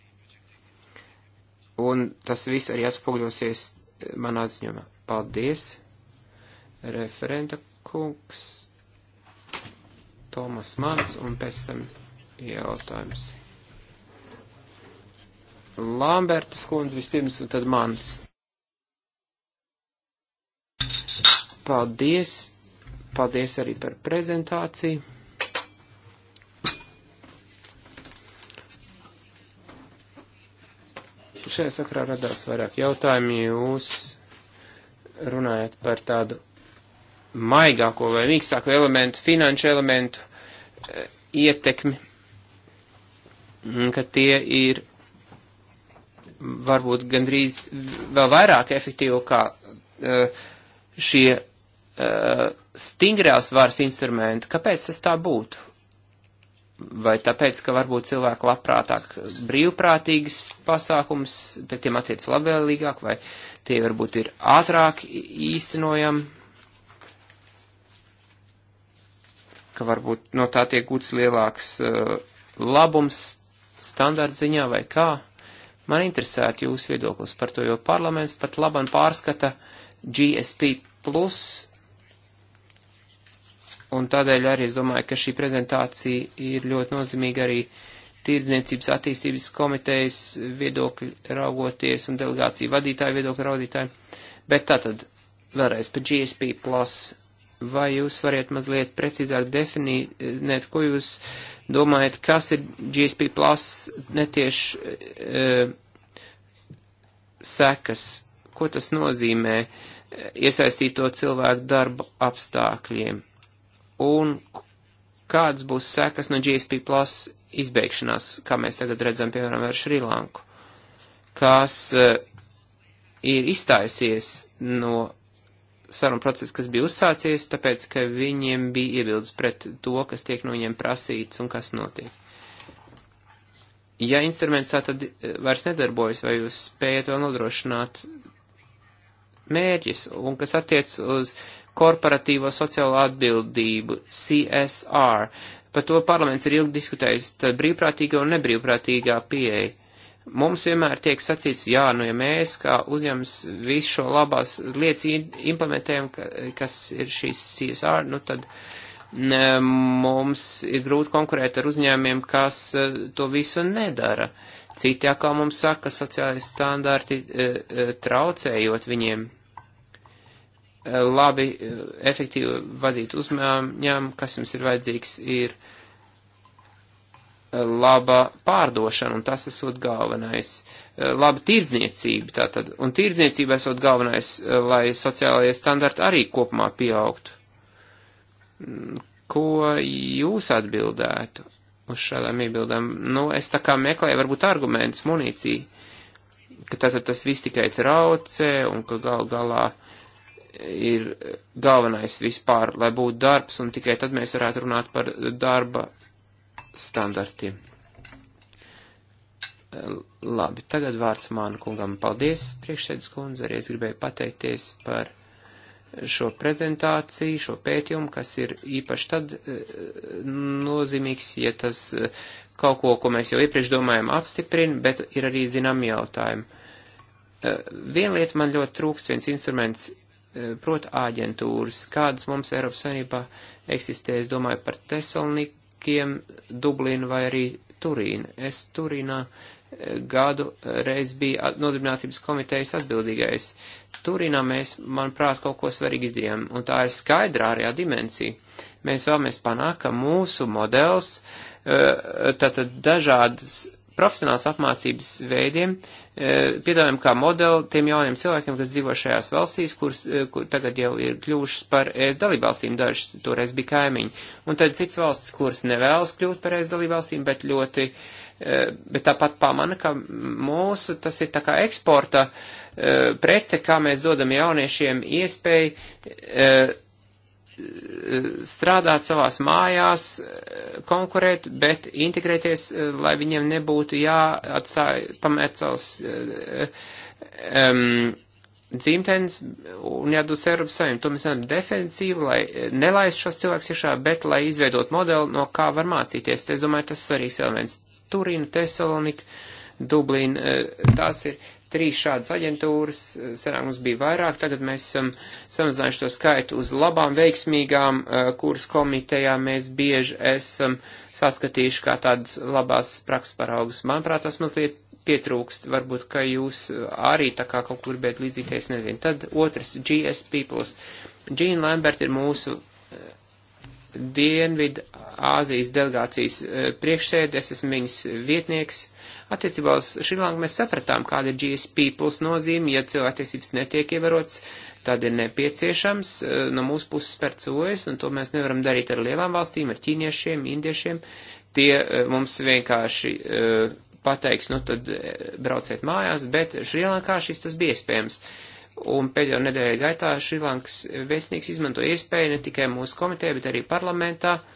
un tas viss arī atspogļosies eh, manā ziņumā. Paldies, referenta kungs, Tomas Mans, un pēc tam jautājums. Lambertas kundze vispirms, un tad Mans. Paldies, paldies arī par prezentāciju. Šajā sakrā radās vairāk jautājumu. Jūs runājat par tādu maigāko vai mīkstāko elementu, finanšu elementu eh, ietekmi, ka tie ir varbūt gandrīz vēl vairāk efektīvi kā eh, šie eh, stingrās varas instrumenti. Kāpēc tas tā būtu? vai tāpēc, ka varbūt cilvēki labprātāk brīvprātīgas pasākums, pēc tiem attiec labvēlīgāk, vai tie varbūt ir ātrāk īstenojam, ka varbūt no tā tiek gūts lielāks uh, labums standārta ziņā vai kā. Man interesētu jūs viedoklis par to, jo parlaments pat laban pārskata GSP plus Un tādēļ arī es domāju, ka šī prezentācija ir ļoti nozīmīga arī tirdzniecības attīstības komitejas viedokļu raugoties un delegāciju vadītāju viedokļu raudītāju. Bet tātad, vēlreiz par GSP plus, vai jūs variet mazliet precīzāk definēt, ko jūs domājat, kas ir GSP plus netieši e, sekas, ko tas nozīmē e, iesaistīto cilvēku darba apstākļiem? un kādas būs sekas no GSP plus izbeigšanās, kā mēs tagad redzam, piemēram, ar Šrilanku, kas uh, ir iztaisies no saruna procesa, kas bija uzsācies, tāpēc, ka viņiem bija iebildes pret to, kas tiek no viņiem prasīts un kas notiek. Ja instruments tā tad eh, vairs nedarbojas, vai jūs spējat vēl nodrošināt mērķis, un kas attiec uz uh, korporatīvo sociālo atbildību, CSR. Par to parlaments ir ilgi diskutējis, tad brīvprātīga un nebrīvprātīgā pieeja. Mums vienmēr tiek sacīts, jā, nu ja mēs kā uzņēmums visu šo labās lietas implementējam, kas ir šīs CSR, nu tad mums ir grūti konkurēt ar uzņēmiem, kas e, to visu nedara. Citi atkal mums saka, ka sociālai standarti e, e, traucējot viņiem Eh, labi, eh, efektīvi vadīt uzņēmumu, kas jums ir vajadzīgs, ir eh, laba pārdošana, un tas esot galvenais, laba tirdzniecība tātad, un tirdzniecība esot galvenais, lai sociālajie standarti arī kopumā pieaugtu. Mm, ko jūs atbildētu uz šādām iebildām? Nu, es tā kā meklēju varbūt argumentus, munīciju, ka tātad tas viss tikai traucē, un ka gal galā uh, ir galvenais vispār, lai būtu darbs, un tikai tad mēs varētu runāt par darba standartiem. Labi, tagad vārds Mānu kungam. Paldies, priekšsēdus kundze, arī es gribēju pateikties par šo prezentāciju, šo pētījumu, kas ir īpaši tad eh, nozīmīgs, ja tas eh, kaut ko, ko mēs jau iepriekš domājam, apstiprina, bet ir arī zinām jautājumi. Eh, viena lieta man ļoti trūkst, viens instruments E, proti āģentūras, kādas mums Eiropas Savienībā eksistē, es domāju par Tesalnikiem, Dublinu vai arī Turīnu. Es Turīnā e, gadu reiz bija nodarbinātības komitejas atbildīgais. Turīnā mēs, manuprāt, kaut ko svarīgi izdarījām, un tā ir skaidrā arī dimensija. Mēs vēlamies panākt, ka mūsu modelis, e, tātad dažādas profesionāls apmācības veidiem, e, piedāvājam kā modeli tiem jauniem cilvēkiem, kas dzīvo šajās valstīs, kuras e, kur tagad jau ir kļuvušas par ES dalībvalstīm, dažas toreiz bija kaimiņi. Un tad cits valsts, kuras nevēlas kļūt par ES dalībvalstīm, bet ļoti, e, bet tāpat pamana, ka mūsu tas ir tā kā eksporta prece, kā mēs dodam jauniešiem iespēju strādāt savās mājās, konkurēt, bet integrēties, lai viņiem nebūtu jāatstāj pamet savus um, dzimtenes un jādod Eiropas Savienību. To mēs zinām defensīvi, lai nelaistu šos cilvēkus iekšā, bet lai izveidot modeli, no kā var mācīties. Es domāju, tas svarīgs elements. Turīna, Tesalonika, Dublīna, eh, tās ir trīs šādas aģentūras, senāk mums bija vairāk, tagad mēs esam samazinājuši to skaitu uz labām, veiksmīgām, eh, kuras komitejā mēs bieži esam saskatījuši kā tādas labās prakses paraugus. Manuprāt, tas mazliet pietrūkst, varbūt, ka jūs eh, arī tā kā kaut kur bijat līdzīties, nezinu. Tad otrs, GSP+. Gene Lambert ir mūsu eh, Dienvidu Āzijas delegācijas priekšsēdē, es esmu viņas vietnieks Attiecībā uz Šrilanku mēs sapratām, kāda ir GSP plus nozīme, ja cilvēktiesības netiek ievērots, tad ir nepieciešams eh, no mūsu puses spērt sojas, un to mēs nevaram darīt ar lielām valstīm, ar ķīniešiem, indiešiem. Tie eh, mums vienkārši eh, pateiks, nu tad brauciet mājās, bet Šrilankā šis tas bija iespējams. Un pēdējo nedēļu gaitā Šrilankas vēstnieks izmanto iespēju ne tikai mūsu komitē, bet arī parlamentā uh,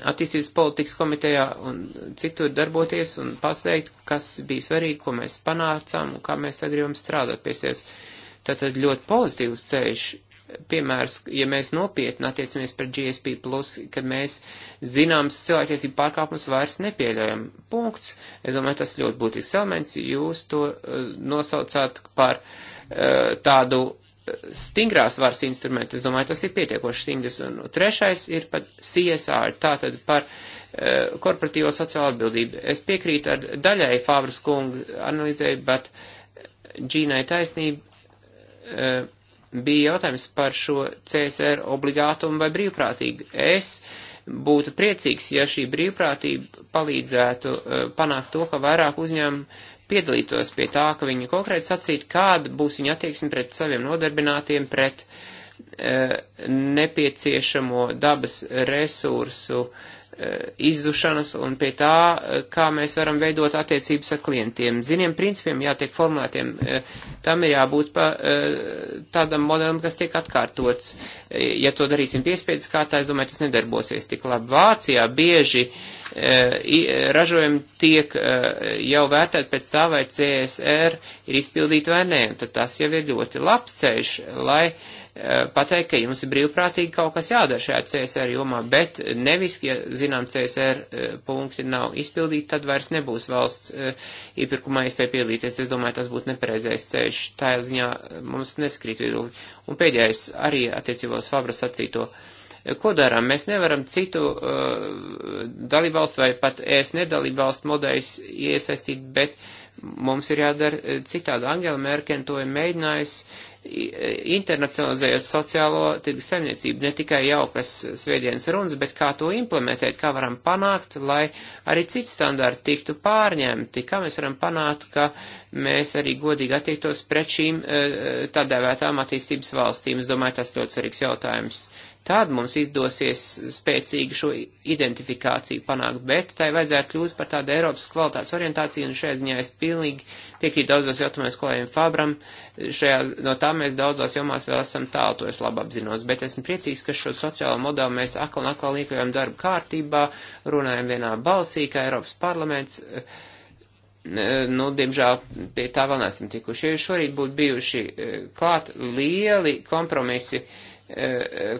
attīstības politikas komitejā un citur darboties un pateikt, kas bija svarīgi, ko mēs panācām un kā mēs tagad gribam strādāt pie sevis. Tātad ļoti pozitīvs ceļš. Piemērs, ja mēs nopietni attiecamies pret GSP, kad mēs zināms cilvēktiesību pārkāpumus vairs nepieļaujam. Punkts. Es domāju, tas ļoti būtisks elements. Jūs to uh, nosaucāt par uh, tādu stingrās varas instrumenti, es domāju, tas ir pietiekoši stingrs. Un trešais ir pat CSR, tātad par uh, korporatīvo sociālo atbildību. Es piekrītu ar daļai Fāvras kungu analizēju, bet Džīnai taisnība uh, bija jautājums par šo CSR obligātumu vai brīvprātīgu. Es būtu priecīgs, ja šī brīvprātība palīdzētu uh, panākt to, ka vairāk uzņēmumu piedalītos pie tā, ka viņi konkrēti sacītu, kāda būs viņa attieksme pret saviem nodarbinātiem, pret e, nepieciešamo dabas resursu e, Eh, izzušanas un pie tā, eh, kā mēs varam veidot attiecības ar klientiem. Ziniem principiem jātiek formulētiem, eh, tam ir jābūt pa, tādam modelim, kas tiek atkārtots. Ja to darīsim piespiedas kārtā, es domāju, tas nedarbosies tik labi. Vācijā bieži ražojumi tiek jau vērtēt pēc tā, vai CSR ir izpildīti vai nē, un tad tas jau ir ļoti labs ceļš, lai pateikt, ka jums ir brīvprātīgi kaut kas jādara šajā CSR jomā, bet nevis, ja zinām, CSR eh, punkti nav izpildīti, tad vairs nebūs valsts eh, iepirkumā iespēja piedalīties. Es domāju, tas būtu nepareizais ceļš. Tā ziņā eh, mums neskrīt viedokļi. Un pēdējais arī attiecībā uz Fabra sacīto. Ko darām? Mēs nevaram citu uh, dalībvalstu vai pat ES nedalībvalstu modeļus iesaistīt, bet mums ir jādara citādi. Angela Merkel to ir mēģinājusi internacionalizējot sociālo tirgus saimniecību, ne tikai jaukas svētdienas runas, bet kā to implementēt, kā varam panākt, lai arī citi standarti tiktu pārņemti, kā mēs varam panākt, ka mēs arī godīgi attiektos pret šīm eh, tādēvētām attīstības valstīm. Es domāju, tas ļoti svarīgs jautājums. Tad mums izdosies spēcīgi šo identifikāciju panākt, bet tai vajadzētu kļūt par tādu Eiropas kvalitātes orientāciju, un šajā ziņā es pilnīgi piekrītu daudzos jautājumos kolēģiem Fabram. Šajā, no tā mēs daudzās jomās vēl esam tālu, to es labi apzinos, bet esmu priecīgs, ka šo sociālo modelu mēs akal un akal iekļaujam darba kārtībā, runājam vienā balsī, kā Eiropas parlaments. Uh, nu, diemžēl pie tā vēl neesam tikuši. Ja šorīt būtu bijuši e, klāt lieli kompromisi, uh, E,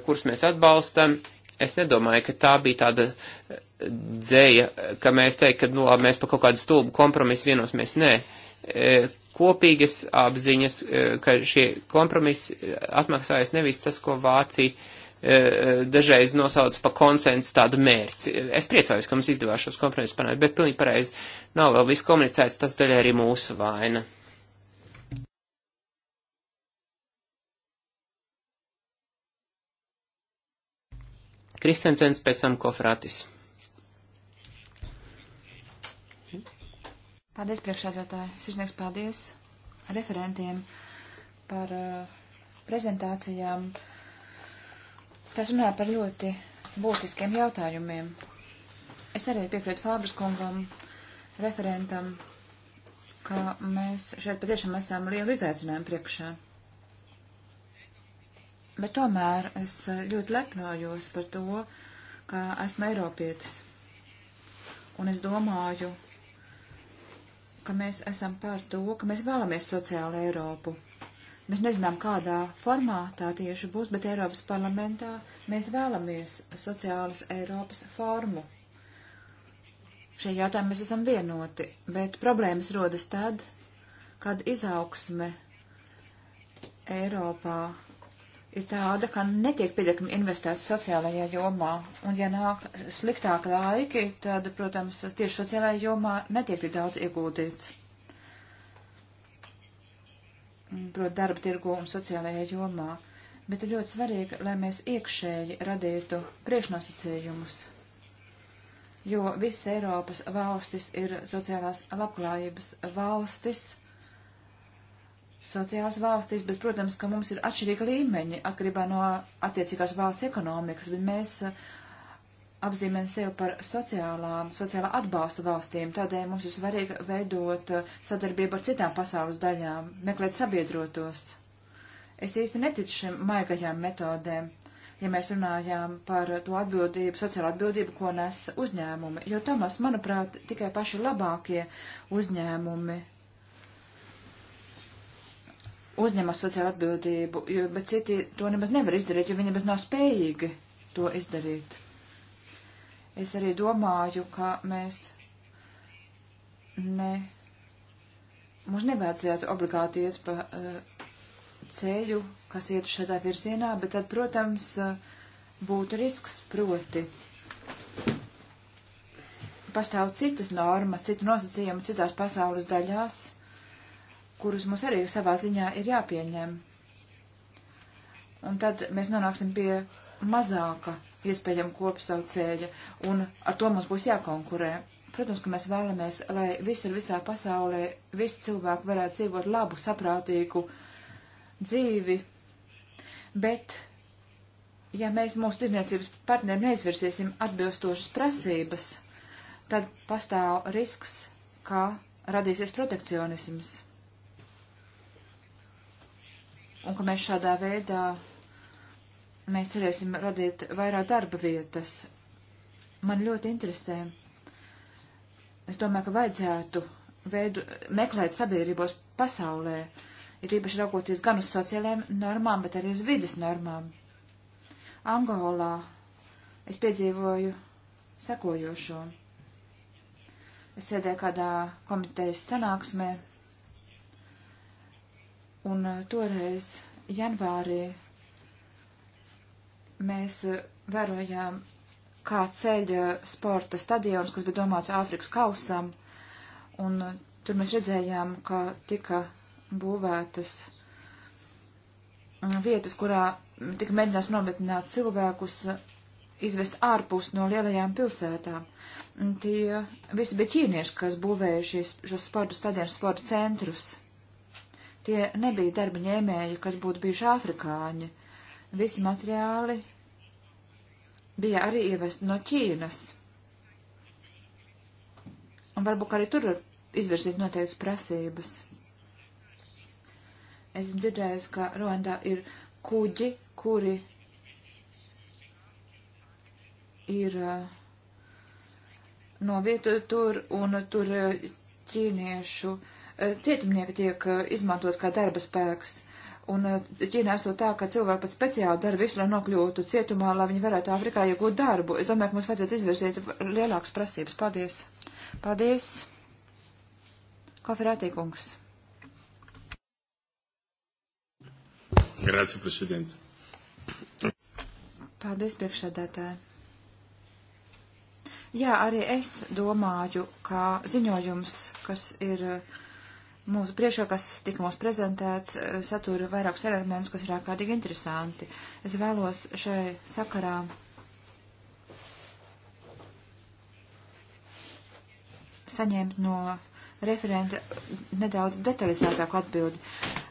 kurus mēs atbalstam. Es nedomāju, ka tā bija tāda dzēja, ka mēs teikt, ka nu, labi, mēs pa kaut kādu stulbu kompromisu vienosimies. Nē, e, kopīgas apziņas, e, ka šie kompromisi atmaksājas nevis tas, ko Vācija dažreiz nosauc pa konsensu tādu mērci. Es priecājos, ka mums izdevās šos kompromisus panākt, bet pilnīgi pareizi nav vēl viss komunicēts, tas daļai arī mūsu vaina. Kristensens, pēc tam Kofratis. Paldies, priekšādātāji. Sirsnieks, paldies referentiem par uh, prezentācijām. Tas runā par ļoti būtiskiem jautājumiem. Es arī piekrītu Fābras kungam, referentam, ka mēs šeit patiešām esam lielu izaicinājumu priekšā. Bet tomēr es eh, ļoti lepnojos par to, ka esmu Eiropietis. Un es domāju, ka mēs esam par to, ka mēs vēlamies sociālu Eiropu. Mēs nezinām, kādā formā tā tieši būs, bet Eiropas parlamentā mēs vēlamies sociālas Eiropas formu. Šie jautājumi mēs esam vienoti, bet problēmas rodas tad, kad izaugsme Eiropā ir tāda, ka netiek pietiekami investēts sociālajā jomā. Un, ja nāk sliktāk laiki, tad, protams, tieši sociālajā jomā netiek tik daudz ieguldīts. Protams, darba tirgu un sociālajā jomā. Bet ir ļoti svarīgi, lai mēs iekšēji radītu priekšnosacījumus, jo visas Eiropas valstis ir sociālās labklājības valstis sociālas valstīs, bet, protams, ka mums ir atšķirīga līmeņa atkarībā no attiecīgās valsts ekonomikas, bet mēs eh, apzīmējam sevi par sociālām, sociālā atbalsta valstīm, tādēļ mums ir svarīgi veidot eh, sadarbību ar citām pasaules daļām, meklēt sabiedrotos. Es īsti neticu šim maigajām metodēm, ja mēs runājām par to atbildību, sociālo atbildību, ko nes uzņēmumi, jo Tomas, manuprāt, tikai paši labākie uzņēmumi uzņemas sociālu atbildību, jo, bet citi to nemaz nevar izdarīt, jo viņi nemaz nav spējīgi to izdarīt. Es arī domāju, ka mēs ne, mums nevajadzētu obligāti iet pa uh, ceļu, kas iet šādā virzienā, bet tad, protams, uh, būtu risks proti. Pastāv citas normas, citu nosacījumu citās pasaules daļās kurus mums arī savā ziņā ir jāpieņem. Un tad mēs nonāksim pie mazāka iespējama kopsaucēja, un ar to mums būs jākonkurē. Protams, ka mēs vēlamies, lai visur visā pasaulē visi cilvēki varētu dzīvot labu, saprātīgu dzīvi, bet ja mēs mūsu tirniecības partneriem neizvirsīsim atbilstošas prasības, tad pastāv risks, kā radīsies protekcionisms un ka mēs šādā veidā mēs varēsim radīt vairāk darba vietas. Man ļoti interesē. Es domāju, ka vajadzētu veidu, meklēt sabiedrībos pasaulē, ir īpaši raugoties gan uz sociālajām normām, bet arī uz vidas normām. Angolā es piedzīvoju sekojošo. Es sēdēju kādā komitejas sanāksmē, Un eh, toreiz janvārī mēs eh, vērojām, kā ceļa eh, sporta stadions, kas bija domāts Āfrikas kausam, un tur mēs redzējām, ka tika būvētas mm, vietas, kurā tika mēģināts nometināt cilvēkus, izvest ārpus no lielajām pilsētām. Tie visi bija ķīnieši, kas būvēja šīs, šos sporta stadionus, sporta centrus. Tie nebija darba ņēmēji, kas būtu bijuši afrikāņi. Visi materiāli bija arī ievesti no Ķīnas. Un varbūt arī tur var izvirzīt noteiktas prasības. Es dzirdēju, ka Ruandā ir kuģi, kuri ir uh, novietoti tur, un tur uh, ķīniešu uh, Eh, cietumnieki tiek eh, izmantot kā darba spēks. Un eh, Ķīnā esot tā, ka cilvēki pat speciāli dara visu, lai nokļūtu cietumā, lai viņi varētu Āfrikā iegūt darbu. Es domāju, ka mums vajadzētu izvirzīt lielākas prasības. Paldies! Paldies! Koferātī kungs! Grāci, prezident! Paldies, priekšsēdētāji! Jā, arī es domāju, ka ziņojums, kas ir uh, Mūsu priekšā, kas tika mums prezentēts, eh, satura vairākus elementus, kas ir ārkārtīgi interesanti. Es vēlos šai sakarā saņemt no referenta nedaudz detalizētāku atbildi.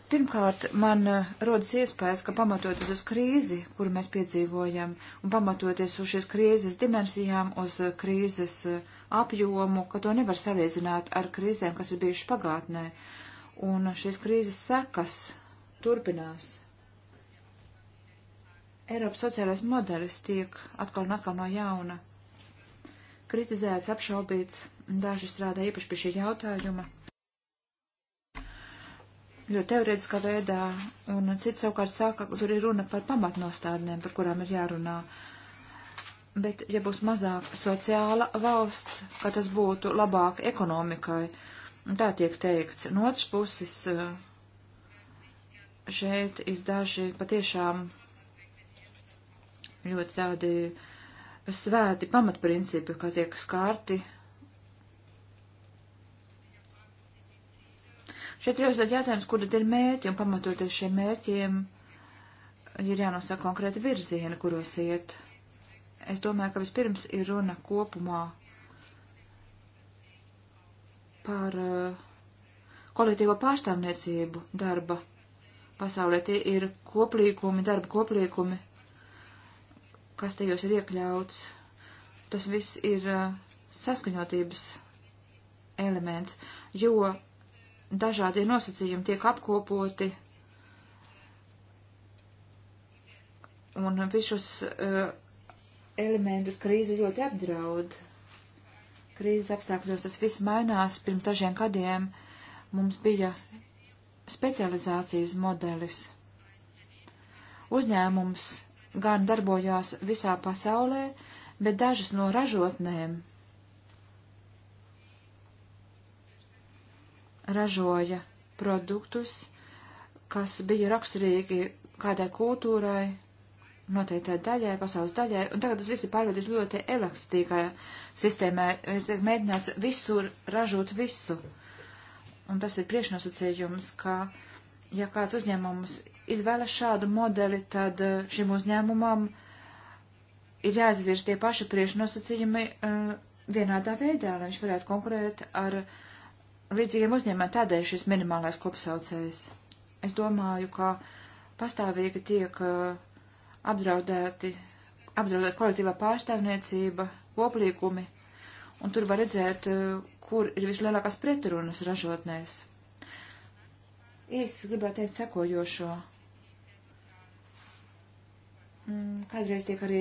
Pirmkārt, man eh, rodas iespējas, ka pamatoties uz krīzi, kuru mēs piedzīvojam, un pamatoties uz šīs krīzes dimensijām, uz eh, krīzes uh, apjomu, ka to nevar salīdzināt ar krīzēm, kas ir bijušas pagātnē. Un šīs krīzes sekas turpinās. Eiropas sociālais modelis tiek atkal un atkal no jauna kritizēts, apšaubīts, daži strādā īpaši pie šī jautājuma. Ļoti teorētiskā veidā, un cits savukārt saka, tur ir runa par pamatnostādnēm, par kurām ir jārunā. Uh, bet ja būs mazāk sociāla valsts, ka tas būtu labāk ekonomikai. Tā tiek teikts. No otras puses, eh, šeit ir daži patiešām ļoti tādi svēti pamatprincipi, kas tiek skārti. Šeit ir jāuzdod jautājums, kur tad ir mērķi, un pamatoties šiem mērķiem ir jānosaka konkrēti virzieni, kuros iet es domāju, ka vispirms ir runa kopumā par uh, kolektīvo pārstāvniecību darba pasaulē. Tie ir koplīkumi, darba koplīkumi, kas tajos ir iekļauts. Tas viss ir uh, saskaņotības elements, jo dažādie nosacījumi tiek apkopoti un visus uh, elementus krīze ļoti apdraud. Krīzes apstākļos tas viss mainās. Pirms dažiem gadiem mums bija specializācijas modelis. Uzņēmums gan darbojās visā pasaulē, bet dažas no ražotnēm ražoja produktus, kas bija raksturīgi kādai kultūrai, noteiktai daļai, pasaules daļai, un tagad tas viss ir pārvietots ļoti elastīgai sistēmai, ir tiek mēģināts visur ražot visu. Un tas ir priekšnosacījums, ka, ja kāds uzņēmums izvēlas šādu modeli, tad eh, šim uzņēmumam ir jāizvirš tie paši priekšnosacījumi uh, vienādā veidā, lai viņš varētu konkurēt ar līdzīgiem uzņēmumiem. Tādēļ šis minimālais kopsaucējs. Es domāju, ka pastāvīgi tiek uh, apdraudēti, apdraudēta kolektīvā pārstāvniecība, koplīgumi, un tur var redzēt, eh, kur ir vislielākās pretrunas ražotnēs. Īsi gribētu teikt sekojošo. Mm, kādreiz tiek arī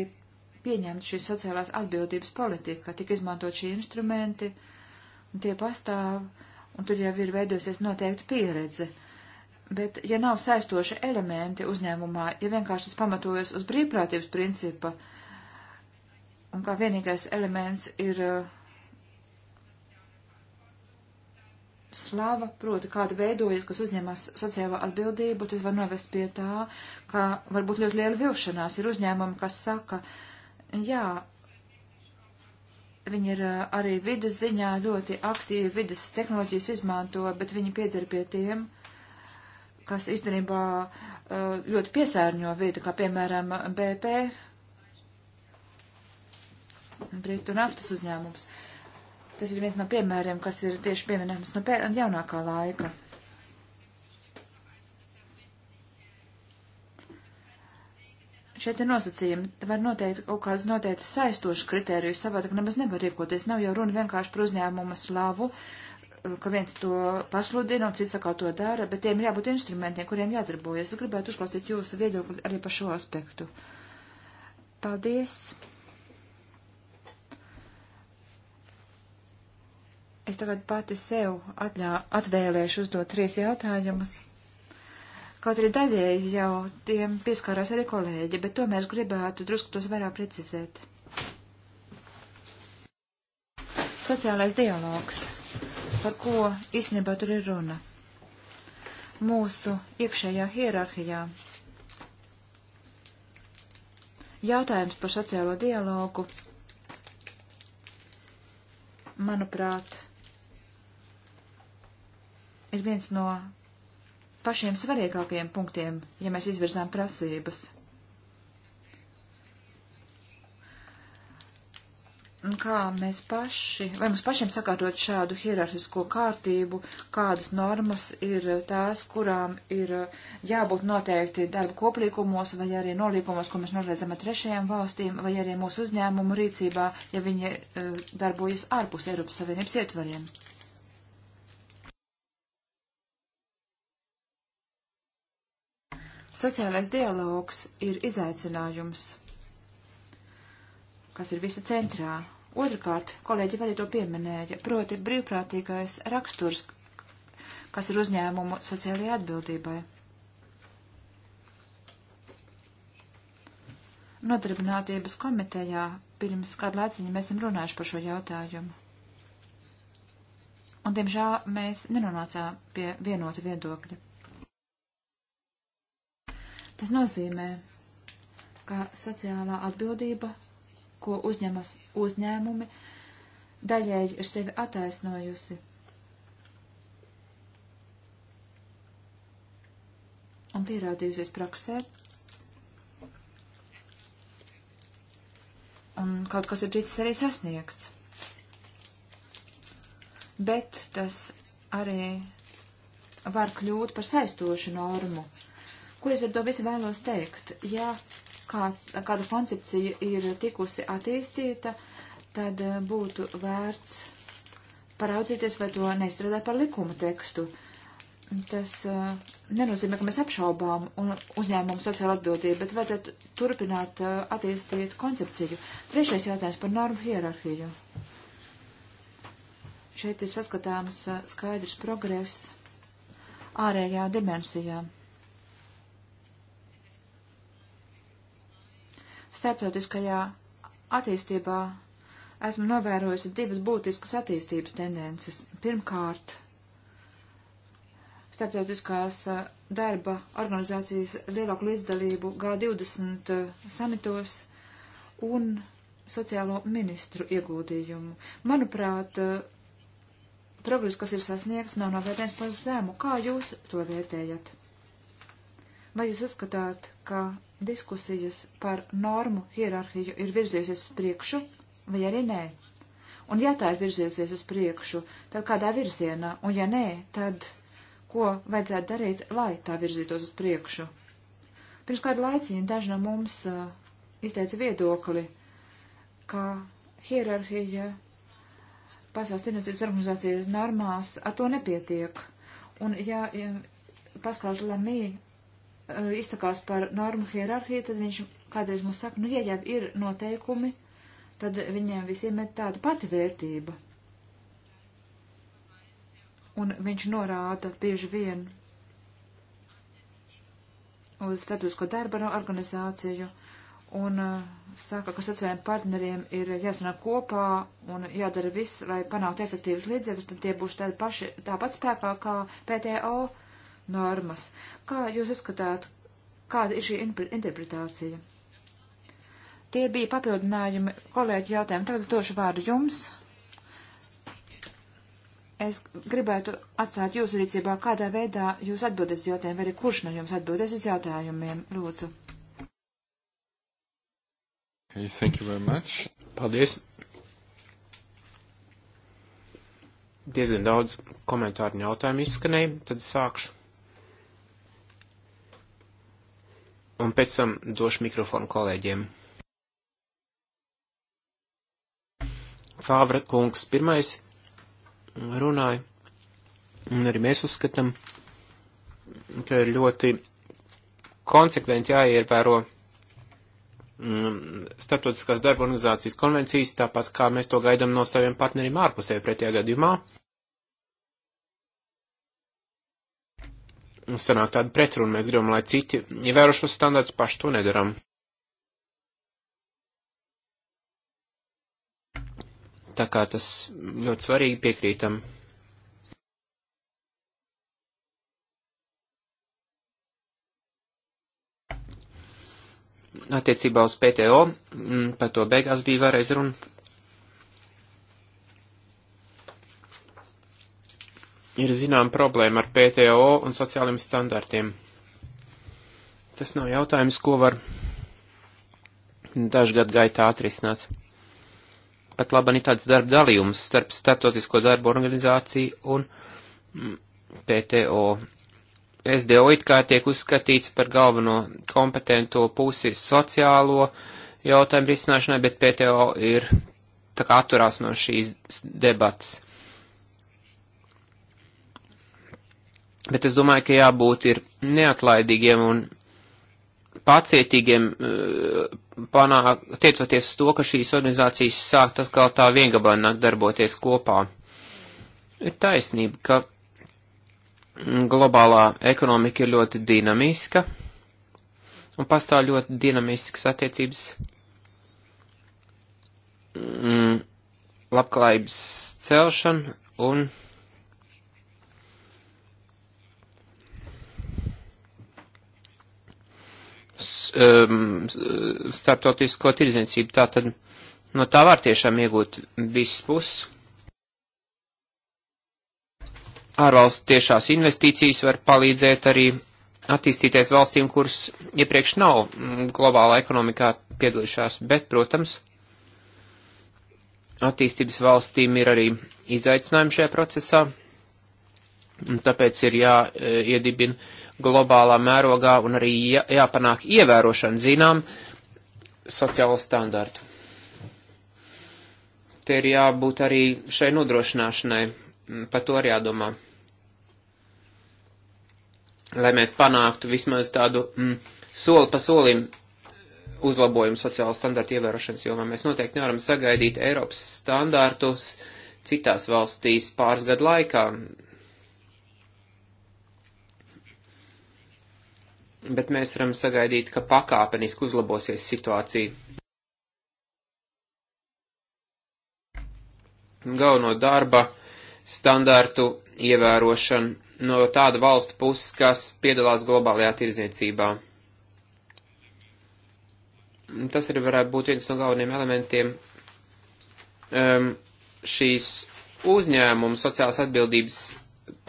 pieņemta šīs sociālās atbildības politika, ka tika izmantot šie instrumenti, un tie pastāv, un tur jau ir veidojusies noteikta pieredze. Uh, Bet, ja nav saistoši elementi uzņēmumā, ja vienkārši tas pamatojas uz brīvprātības principa, un kā vienīgais elements ir uh, slava, proti kāda veidojas, kas uzņemas sociālo atbildību, tas var novest pie tā, ka varbūt ļoti liela vilšanās ir uzņēmumi, kas saka, jā, viņi ir uh, arī vidas ziņā ļoti aktīvi, vidas tehnoloģijas izmanto, bet viņi pieder pie tiem, uh, kas īstenībā ļoti piesārņo vidi, kā piemēram BP, Britu naftas uzņēmums. Tas ir viens no piemēriem, kas ir tieši pieminējams no jaunākā laika. Šeit ir nosacījumi, var noteikt kaut kādus noteikti saistošus kritērijus, savādāk nemaz nevar rīkoties. Nav jau runa vienkārši par uzņēmumu slavu, uh, ka viens to pasludina un cits atkal to dara, bet tiem ir jābūt instrumentiem, kuriem jādarbojas. Es gribētu uzklausīt jūsu viedokli arī par šo aspektu. Paldies! Es tagad pati sev atļā, atvēlēšu uzdot trīs jautājumus. Kaut arī daļēji jau tiem pieskārās arī kolēģi, bet tomēr es gribētu drusku tos vairāk precizēt. Sociālais dialogs par ko īstenībā tur ir runa. Mūsu iekšējā hierarhijā. Jautājums par sociālo dialogu, manuprāt, ir viens no pašiem svarīgākajiem punktiem, ja mēs izvirzām prasības kā mēs paši, vai mums pašiem sakārtot šādu hierarhisko kārtību, kādas normas ir tās, kurām ir uh, jābūt noteikti darba koplīkumos vai arī nolīkumos, ko mēs noliedzam ar trešajām valstīm, vai arī mūsu uzņēmumu rīcībā, ja viņi uh, darbojas ārpus Eiropas Savienības ietvariem. Sociālais dialogs ir izaicinājums kas ir visa centrā. Otrakārt, kolēģi arī to pieminēja, proti brīvprātīgais raksturs, kas ir uzņēmumu sociālajai atbildībai. Nodarbinātības komitejā pirms kādu laiciņu mēs esam runājuši par šo jautājumu. Un, diemžēl, mēs nenonācām pie vienota viedokļa. Tas nozīmē, ka sociālā atbildība ko uzņemas uzņēmumi, daļēji ir sevi attaisnojusi. Un pierādījusies praksē. Un kaut kas ir ticis arī sasniegts. Bet tas arī var kļūt par saistošu normu. Ko es ar to visu vēlos teikt? Ja kāds, kāda koncepcija ir tikusi attīstīta, tad eh, būtu vērts paraudzīties, vai to neizstrādā par likuma tekstu. Tas uh, nenozīmē, ka mēs apšaubām uzņēmumu sociālo atbildību, bet vajadzētu turpināt uh, attīstīt koncepciju. Trešais jautājums par normu hierarhiju. Šeit ir saskatāms uh, skaidrs progress ārējā dimensijā. starptautiskajā attīstībā esmu novērojusi divas būtiskas attīstības tendences. Pirmkārt, starptautiskās uh, darba organizācijas lielāku līdzdalību G20 uh, samitos un sociālo ministru ieguldījumu. Manuprāt, uh, progress, kas ir sasniegts, nav novērtējams par zemu. Kā jūs to vērtējat? Vai jūs uzskatāt, ka diskusijas par normu hierarhiju ir virzījusies priekšu vai arī nē. Un ja tā ir virzījusies uz priekšu, tad kādā virzienā, un ja nē, tad ko vajadzētu darīt, lai tā virzītos uz priekšu? Pirms kādu laiciņu daži no mums uh, izteica viedokli, ka hierarhija pasaules tirdzniecības organizācijas normās ar to nepietiek. Un ja, ja Paskals Lamī Eh, izsakās par normu hierarhiju, tad viņš kādreiz mums saka, nu, ja jau ir noteikumi, tad viņiem visiem ir tāda pati vērtība. Un viņš norāda bieži vien uz starptautisko darba organizāciju un uh, saka, ka sociālajiem partneriem ir jāsanāk kopā un jādara viss, lai panāktu efektīvas līdzekļus, tad tie būs tādi paši tāpat spēkā kā PTO normas. Kā jūs uzskatāt, kāda ir šī interpretācija? Tie bija papildinājumi kolēģi jautājumi. Tagad došu vārdu jums. Es gribētu atstāt jūsu rīcībā, kādā veidā jūs atbildes jautājumu, vai arī kurš no jums atbildes uz jautājumiem, lūdzu. Okay, thank you very much. Paldies. Diezgan daudz komentāru un jautājumu izskanēja, tad sākšu un pēc tam došu mikrofonu kolēģiem. Fāvra kungs pirmais runāja, un arī mēs uzskatām, ka ir ļoti konsekventi jāievēro mm, starptautiskās darba organizācijas konvencijas, tāpat kā mēs to gaidām no saviem partneriem ārpusē pretējā gadījumā. sanāk tāda pretruna. Mēs gribam, lai citi ievēro ja šos standartus, paši to nedaram. Tā kā tas ļoti svarīgi piekrītam. Attiecībā uz PTO, mm, par to beigās bija vēlreiz runa. ir zinām problēma ar PTO un sociāliem standartiem. Tas nav jautājums, ko var dažgad gaitā atrisināt. Pat labi ir tāds darba dalījums starp Startotisko darbu organizāciju un mm, PTO. SDO it kā tiek uzskatīts par galveno kompetento pusi sociālo jautājumu risināšanai, bet PTO ir tā kā atturās no šīs debatas. bet es domāju, ka jābūt ir neatlaidīgiem un pacietīgiem, eh, panā, tiecoties uz to, ka šīs organizācijas sākt atkal tā viengabalnāk darboties kopā. Ir taisnība, ka globālā ekonomika ir ļoti dinamiska un pastāv ļoti dinamiskas attiecības mm, labklājības celšana un um, starptautisko tirdzniecību. Tātad no tā var tiešām iegūt visas puses. Ārvalsts tiešās investīcijas var palīdzēt arī attīstīties valstīm, kuras iepriekš nav mm, globālā ekonomikā piedalījušās, bet, protams, attīstības valstīm ir arī izaicinājumi šajā procesā. Un tāpēc ir jāiedibina e, globālā mērogā un arī jā, jāpanāk ievērošana zinām sociālo standartu. Te ir jābūt arī šai nodrošināšanai, mm, par to arī jādomā. Lai mēs panāktu vismaz tādu mm, soli pa solim uzlabojumu sociālo standartu ievērošanas jomā. Mēs noteikti nevaram sagaidīt Eiropas standartus citās valstīs pāris gadu laikā bet mēs varam sagaidīt, ka pakāpeniski uzlabosies situācija. Galveno darba standārtu ievērošanu no tāda valstu puses, kas piedalās globālajā tirzniecībā. Tas arī varētu būt viens no galveniem elementiem um, šīs uzņēmumu sociālās atbildības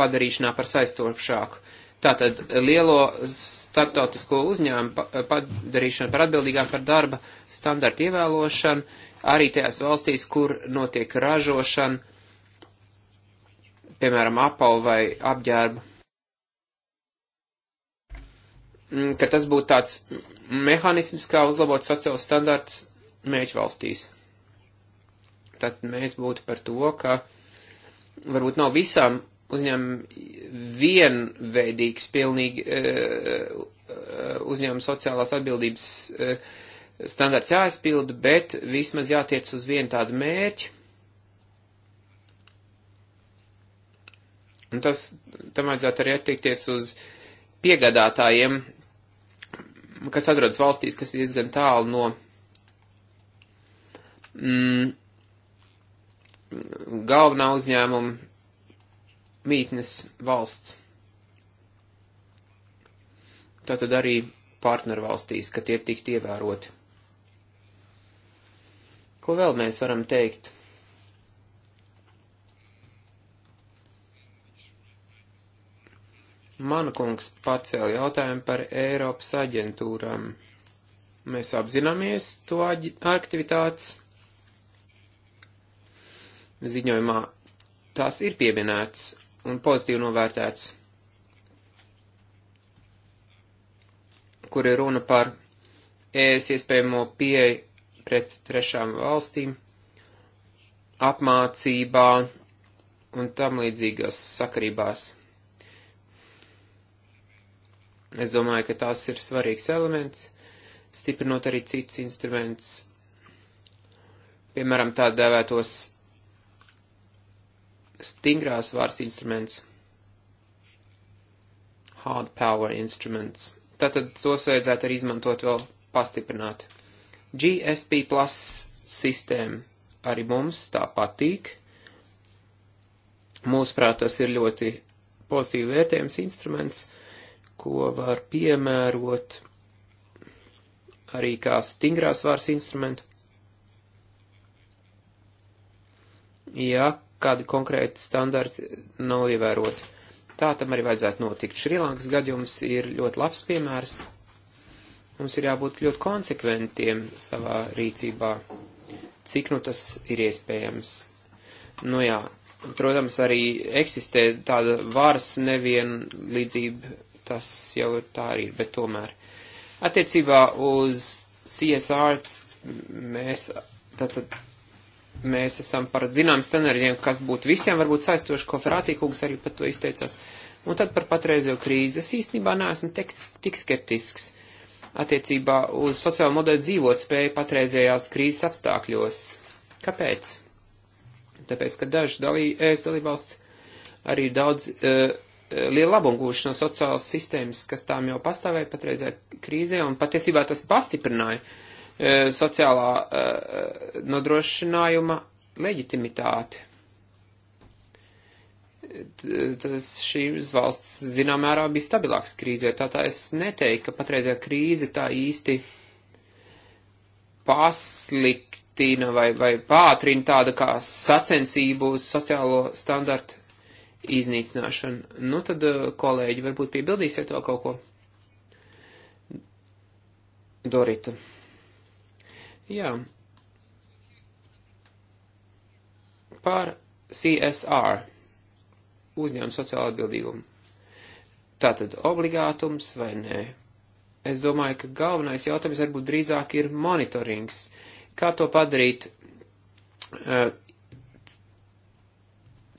padarīšanā par saistošāku Tātad lielo starptautisko uzņēmumu padarīšanu par atbildīgām par darba standartu ievēlošanu, arī tajās valstīs, kur notiek ražošana, piemēram, apalu vai apģērbu. Mm, ka tas būtu tāds mehānisms, kā uzlabot sociālus standartus mēģi valstīs. Tad mēs būtu par to, ka varbūt nav visām uzņēmumi vienveidīgs pilnīgi eh, eh, uzņēmuma sociālās atbildības eh, standarts jāizpilda, bet vismaz jātiec uz vienu tādu mērķi. Un tas, tam vajadzētu arī attiekties uz piegādātājiem, kas atrodas valstīs, kas ir diezgan tālu no mm, galvenā uzņēmuma mītnes valsts. Tātad arī partnervalstīs, ka tie tiktu ievēroti. Ko vēl mēs varam teikt? Mana kungs pacēla jautājumu par Eiropas aģentūrām. Mēs apzināmies to aktivitātes. Ziņojumā tās ir pieminēts, un pozitīvi novērtēts, kur ir runa par ES iespējamo pieeju pret trešām valstīm, apmācībā un tam līdzīgās sakarībās. Es domāju, ka tās ir svarīgs elements, stiprinot arī cits instruments, piemēram, tā dēvētos stingrās varas instruments, hard power instruments. Tātad tos vajadzētu arī izmantot vēl pastiprināt. GSP plus sistēma arī mums tā patīk. Mūsuprāt, tas ir ļoti pozitīvi vērtējums instruments, ko var piemērot arī kā stingrās vārs instrumentu. Ja kādi konkrēti standarti nav ievēroti. Tā tam arī vajadzētu notikt. Šrilankas gadījums ir ļoti labs piemērs. Mums ir jābūt ļoti konsekventiem savā rīcībā, cik nu tas ir iespējams. Nu jā, protams, arī eksistē tāda varas nevienlīdzība, tas jau tā arī ir, bet tomēr. Attiecībā uz CSR mēs tātad mēs esam par zinām standardiem, kas būtu visiem varbūt saistoši, ko Ferātī kungs arī par to izteicās. Un tad par patreizējo krīzi. Es īstenībā neesmu tekst, tik skeptisks attiecībā uz sociālo modeli dzīvot spēju patreizējās krīzes apstākļos. Kāpēc? Tāpēc, ka daži dalī, es dalībvalsts arī daudz e, e liela labuma gūši no sociālās sistēmas, kas tām jau pastāvēja patreizējā krīzē, un patiesībā tas pastiprināja uh, E, sociālā e, e, nodrošinājuma leģitimitāti. Tas šīs valsts zinām mērā bija stabilāks krīzē, tā tā es neteiktu, ka patreizajā krīze tā īsti pasliktina vai, vai pātrina tāda kā sacensību uz sociālo standartu iznīcināšanu. Nu tad, kolēģi, varbūt piebildīsiet vēl kaut ko? Dorita. Jā. Par CSR uzņēmumu sociālo atbildīgumu. Tātad obligātums vai nē? Es domāju, ka galvenais jautājums varbūt drīzāk ir monitorings. Kā to padarīt uh,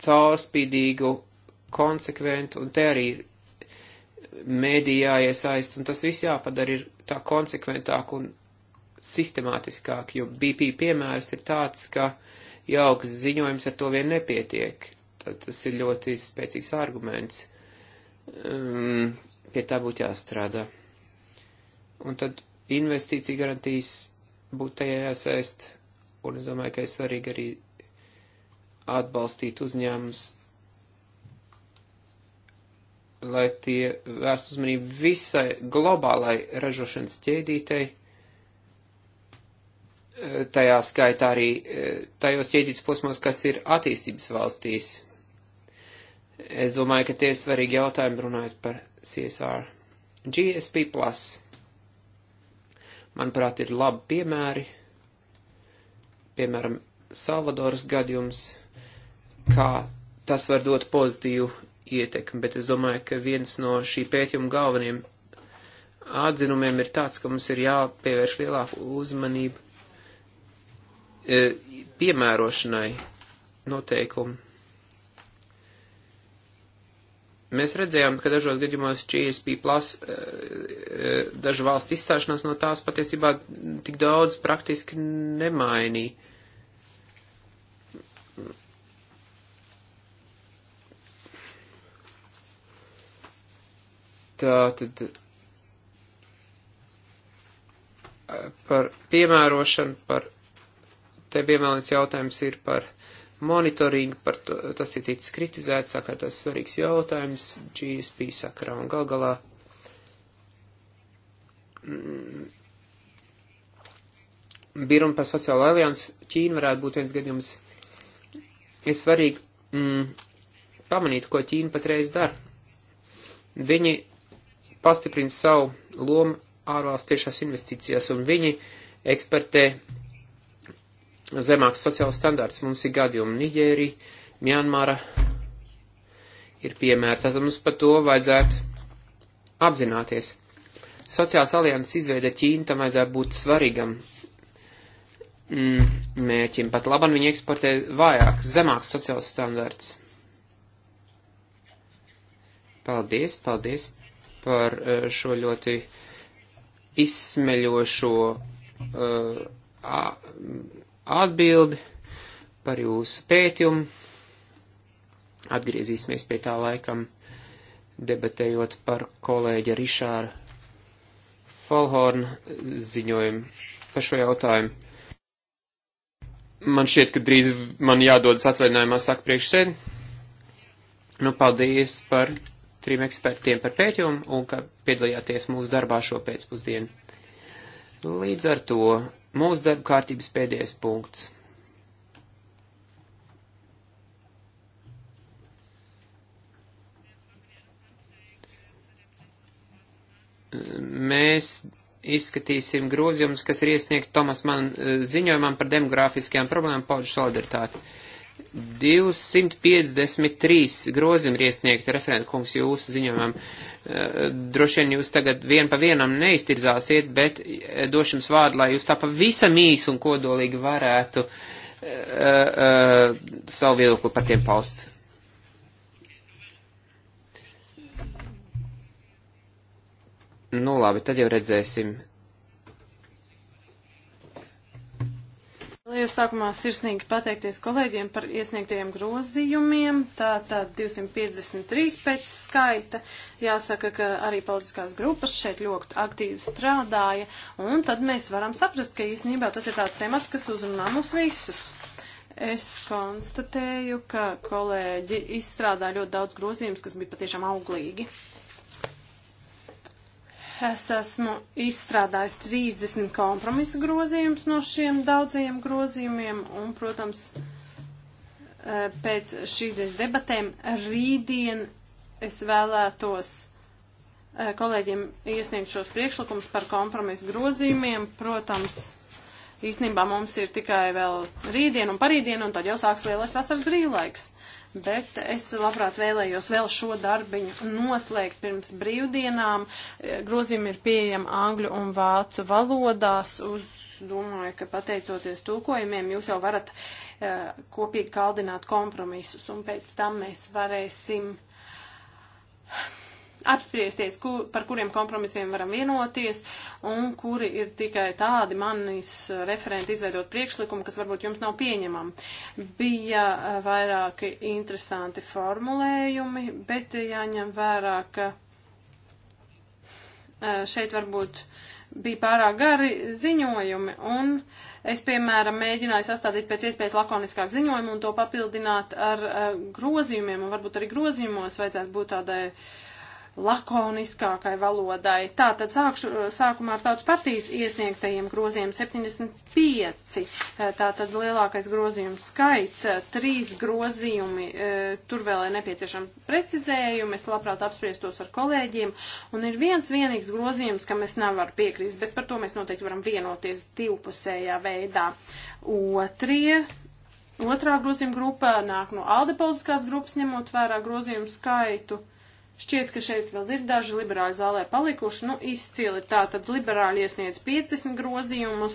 caurspīdīgu, konsekventu, un te arī mēdījā iesaist, un tas viss jāpadara ir tā konsekventāk un sistemātiskāk, jo BP piemērs ir tāds, ka jauks ziņojums ar to vien nepietiek. Tad tas ir ļoti spēcīgs arguments. Um, pie tā būtu jāstrādā. Un tad investīcija garantijas būtu tajā jāsēst, un es domāju, ka ir svarīgi arī atbalstīt uzņēmums, lai tie vērst uzmanību visai globālai ražošanas ķēdītei tajā skaitā arī e, tajos ķēdītas posmos, kas ir attīstības valstīs. Es domāju, ka tie ir svarīgi jautājumi runājot par CSR. GSP Plus, manuprāt, ir labi piemēri, piemēram, Salvadoras gadījums, kā tas var dot pozitīvu ietekmi, bet es domāju, ka viens no šī pētījuma galveniem atzinumiem ir tāds, ka mums ir jāpievērš lielāku uzmanību E, piemērošanai noteikumi. Mēs redzējām, ka dažos gadījumos GSP plus e, e, dažu valstu izstāšanās no tās patiesībā tik daudz praktiski nemainīja. Tātad par piemērošanu, par te piemēlīts jautājums ir par monitoringu, par to, tas ir ticis kritizēts, saka, tas svarīgs jautājums GSP sakarā un gal galā. Mm, Biruma par sociālo aliansu Ķīna varētu būt viens gadījums. Ir svarīgi mm, pamanīt, ko Ķīna patreiz dara. Viņi pastiprina savu lomu ārvalstu tiešās investīcijās un viņi ekspertē zemāks sociāls standārts. Mums ir gadījumi Nigērija, Mjanmara ir piemēra, tad mums par to vajadzētu apzināties. Sociāls alianses izveida Ķīna, tam vajadzētu būt svarīgam mm, mērķim, pat labam viņi eksportē vājāk, zemāks sociāls standārts. Paldies, paldies par eh, šo ļoti izsmeļošo uh, atbildi par jūsu pētījumu. Atgriezīsimies pie tā laikam, debatējot par kolēģa Rišāra Falhorna ziņojumu par šo jautājumu. Man šķiet, ka drīz man jādodas atvaļinājumā, saka priekšsēdi. Nu, paldies par trim ekspertiem par pētījumu un ka piedalījāties mūsu darbā šo pēcpusdienu. Līdz ar to mūsu darba kārtības pēdējais punkts. Mēs izskatīsim grozījumus, kas ir iesniegt Tomas man eh, ziņojumam par demogrāfiskajām problēmām pauģu solidaritāti. Uh, 253 grozījumi ir iesniegti referentkungs jūsu ziņojumam. Eh, droši vien jūs tagad vien pa vienam neiztirzāsiet, bet eh, došu jums vārdu, lai jūs tā pavisam īsi un kodolīgi varētu uh, uh, savu viedokli par tiem paust. Nu labi, tad jau redzēsim. Lielas nu, sākumā sirsnīgi pateikties kolēģiem par iesniegtajiem grozījumiem. Tā tad 253 pēc skaita. Jāsaka, ka arī politiskās grupas šeit ļoti aktīvi strādāja. Un tad mēs varam saprast, ka īstenībā tas ir tāds temats, kas uzrunā mūs visus. Es konstatēju, ka kolēģi izstrādāja ļoti daudz grozījumus, kas bija patiešām auglīgi. Es esmu izstrādājis 30 kompromisu grozījumus no šiem daudzajiem grozījumiem un, protams, e, pēc šīs dienas debatēm rītdien es vēlētos e, kolēģiem iesniegt šos priekšlikumus par kompromisu grozījumiem. Protams, īstenībā mums ir tikai vēl rītdien un parītdien, un tad jau sāks lielais vasaras brīvlaiks bet es labprāt vēlējos vēl šo darbiņu noslēgt pirms brīvdienām. Grozījumi ir pieejami angļu un vācu valodās. Uz, domāju, ka pateicoties tūkojumiem, jūs jau varat uh, kopīgi kaldināt kompromisus, un pēc tam mēs varēsim apspriesties, kur, par kuriem kompromisiem varam vienoties un kuri ir tikai tādi manis eh, referenti izveidot priekšlikumu, kas varbūt jums nav pieņemami. Bija eh, vairāki interesanti formulējumi, bet jāņem vērā, ka eh, šeit varbūt bija pārāk gari ziņojumi un Es, piemēram, mēģināju sastādīt pēc iespējas lakoniskāk ziņojumu un to papildināt ar uh, grozījumiem, un varbūt arī grozījumos vajadzētu būt tādai uh, lakoniskākai valodai. Tā tad sākšu sākumā ar tautas partijas iesniegtajiem grozījumiem 75. Tā tad lielākais grozījumu skaits, eh, trīs grozījumi, eh, tur vēl ir nepieciešama precizējumi, es labprāt apspriestos ar kolēģiem, un ir viens vienīgs grozījums, kam es nevaru piekrist, bet par to mēs noteikti varam vienoties divpusējā veidā. Otrie Otrā grozījuma grupa nāk no Alde politiskās grupas, ņemot vērā grozījumu skaitu. Šķiet, ka šeit vēl ir daži liberāļi zālē palikuši. Nu, izcili tā, tad liberāļi iesniedz 50 grozījumus,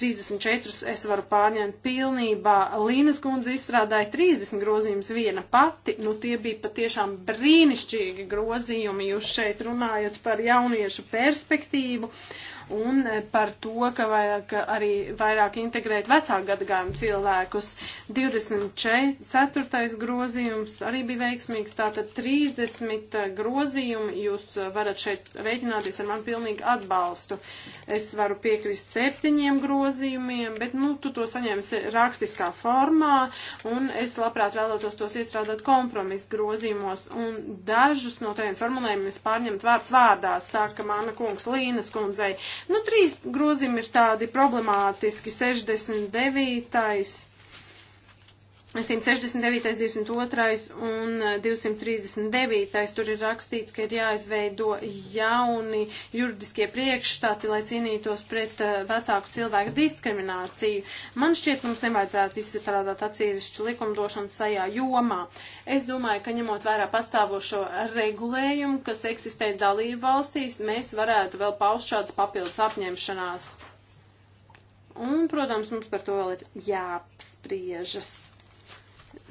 34 es varu pārņemt pilnībā. Līnas kundze izstrādāja 30 grozījumus viena pati. Nu, tie bija patiešām brīnišķīgi grozījumi. Jūs šeit runājat par jauniešu perspektīvu. Uh, un eh, par to, ka vajag arī vairāk integrēt vecāku gadagājumu cilvēkus. 24. grozījums arī bija veiksmīgs, tātad 30 eh, grozījumi jūs eh, varat šeit rēķināties ar man pilnīgi atbalstu. Es varu piekrist septiņiem grozījumiem, bet, nu, tu to saņēmis rakstiskā formā, un es labprāt vēlētos tos iestrādāt kompromisu grozījumos, un dažus no tajiem formulējumiem es pārņemt vārds vārdā, saka mana kungs Līnas kundzei. Nu, trīs grozījumi ir tādi problemātiski. 69. 169, 202 un 239. Eh, Tur ir rakstīts, ka ir jāizveido jauni juridiskie priekšstati, lai cīnītos pret eh, vecāku cilvēku diskrimināciju. Man šķiet, mums nevajadzētu izstrādāt atsevišķu likumdošanas sajā jomā. Es domāju, ka ņemot vērā pastāvošo regulējumu, kas eksistē dalību valstīs, mēs varētu vēl paust šādas papildus apņemšanās. Un, protams, mums par to vēl ir jāapspriežas.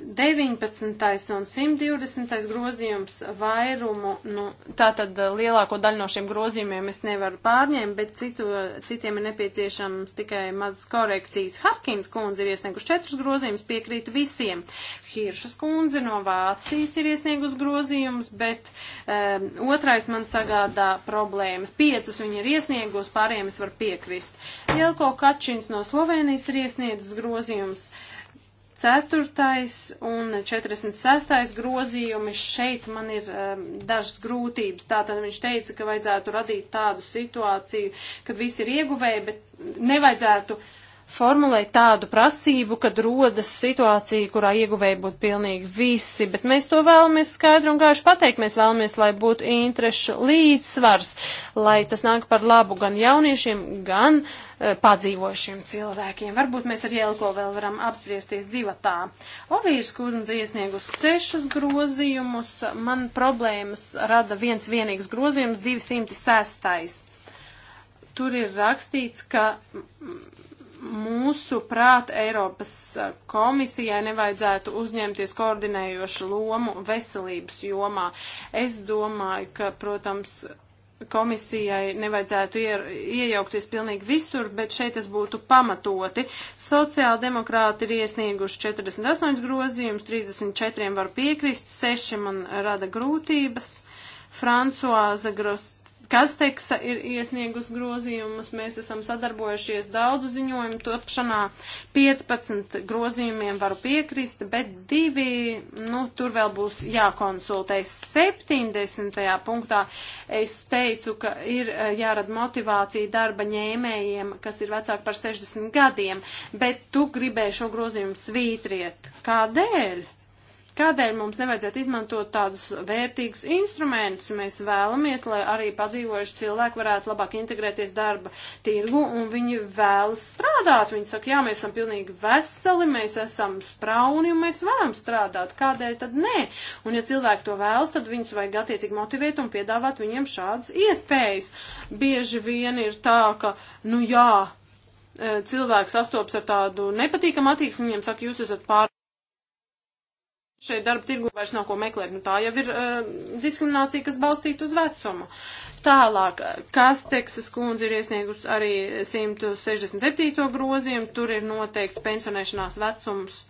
19. un 120. grozījums vairumu, nu, tātad eh, lielāko daļu no šiem grozījumiem es nevaru pārņemt, bet citu, eh, citiem ir nepieciešams tikai mazas korekcijas. Harkins kundze ir iesniegusi četrus grozījumus, piekrītu visiem. Hiršas kundze no Vācijas ir iesniegusi grozījumus, bet um, otrais man sagādā problēmas. Piecus viņi ir iesniegusi, pārējiem es varu piekrist. Jelko Kačins no Slovenijas ir iesniedzis grozījumus. Uh, 4. un 46. grozījumi šeit man ir um, dažas grūtības. Tātad viņš teica, ka vajadzētu radīt tādu situāciju, kad visi ir ieguvēji, bet nevajadzētu uh, formulēt tādu prasību, kad rodas situācija, kurā ieguvēji būtu pilnīgi visi, bet mēs to vēlamies skaidri un gaiši pateikt. Mēs vēlamies, lai būtu interešu līdzsvars, lai tas nāk par labu gan jauniešiem, gan uh, eh, padzīvošiem cilvēkiem. Varbūt mēs ar Jelko vēl varam apspriesties divatā. Ovīrs kundze iesniegus sešus grozījumus. Man problēmas rada viens vienīgs grozījums - 206. Tur ir rakstīts, ka mūsu prāt Eiropas eh, komisijai nevajadzētu uzņemties koordinējošu lomu veselības jomā. Es domāju, ka, protams, komisijai nevajadzētu ier, iejaukties pilnīgi visur, bet šeit tas būtu pamatoti. Sociāldemokrāti ir iesnieguši 48 grozījumus, 34 var piekrist, 6 man rada grūtības. Fransuāza Grost Kasteksa ir iesniegus grozījumus, mēs esam sadarbojušies daudzu ziņojumu topšanā, 15 grozījumiem varu piekrist, bet divi, nu, tur vēl būs jākonsultēs. 70. punktā es teicu, ka ir eh, jārada motivācija darba ņēmējiem, kas ir vecāki par 60 gadiem, bet tu gribēji šo grozījumu svītriet. Kādēļ? Kādēļ mums nevajadzētu izmantot tādus vērtīgus instrumentus? Mēs vēlamies, lai arī padzīvojuši cilvēki varētu labāk integrēties darba tirgu, un viņi vēlas strādāt. Viņi saka, jā, mēs esam pilnīgi veseli, mēs esam sprauni, un mēs varam strādāt. Kādēļ tad nē? Un ja cilvēki to vēlas, tad viņus vajag attiecīgi motivēt un piedāvāt viņiem šādas iespējas. Bieži vien ir tā, ka, nu jā, e, cilvēks sastopas ar tādu nepatīkamu attieksmi, viņiem saka, jūs esat pārāk Šeit darba tirgu vairs nav ko meklēt, nu tā jau ir uh, diskriminācija, kas balstīta uz vecumu. Tālāk, kas Teksas kundze ir iesniegus arī 167. grozījumu, tur ir noteikts pensionēšanās vecums,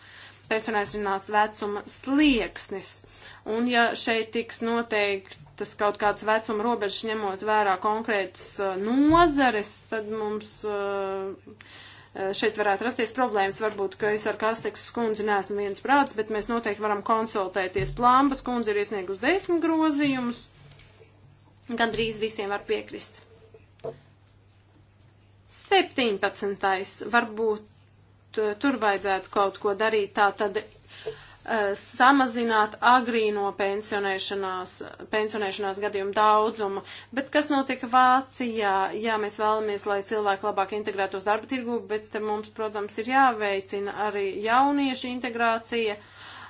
pensionēšanās vecuma slieksnis. Un ja šeit tiks noteiktas kaut kāds vecuma robežas ņemot vērā konkrētas uh, nozares, tad mums. Uh, Eh, šeit varētu rasties problēmas. Varbūt, ka es ar Kasteks skundzi neesmu viens prāts, bet mēs noteikti varam konsultēties. Plāmba skundze ir iesniegus desmit grozījumus. Gandrīz visiem var piekrist. 17. varbūt eh, tur vajadzētu kaut ko darīt tā tad Eh, samazināt agrīno pensionēšanās, pensionēšanās gadījumu daudzumu. Bet kas notiek Vācijā? Jā, mēs vēlamies, lai cilvēki labāk integrētos darba tirgu, bet mums, protams, ir jāveicina arī jauniešu integrācija. Uh,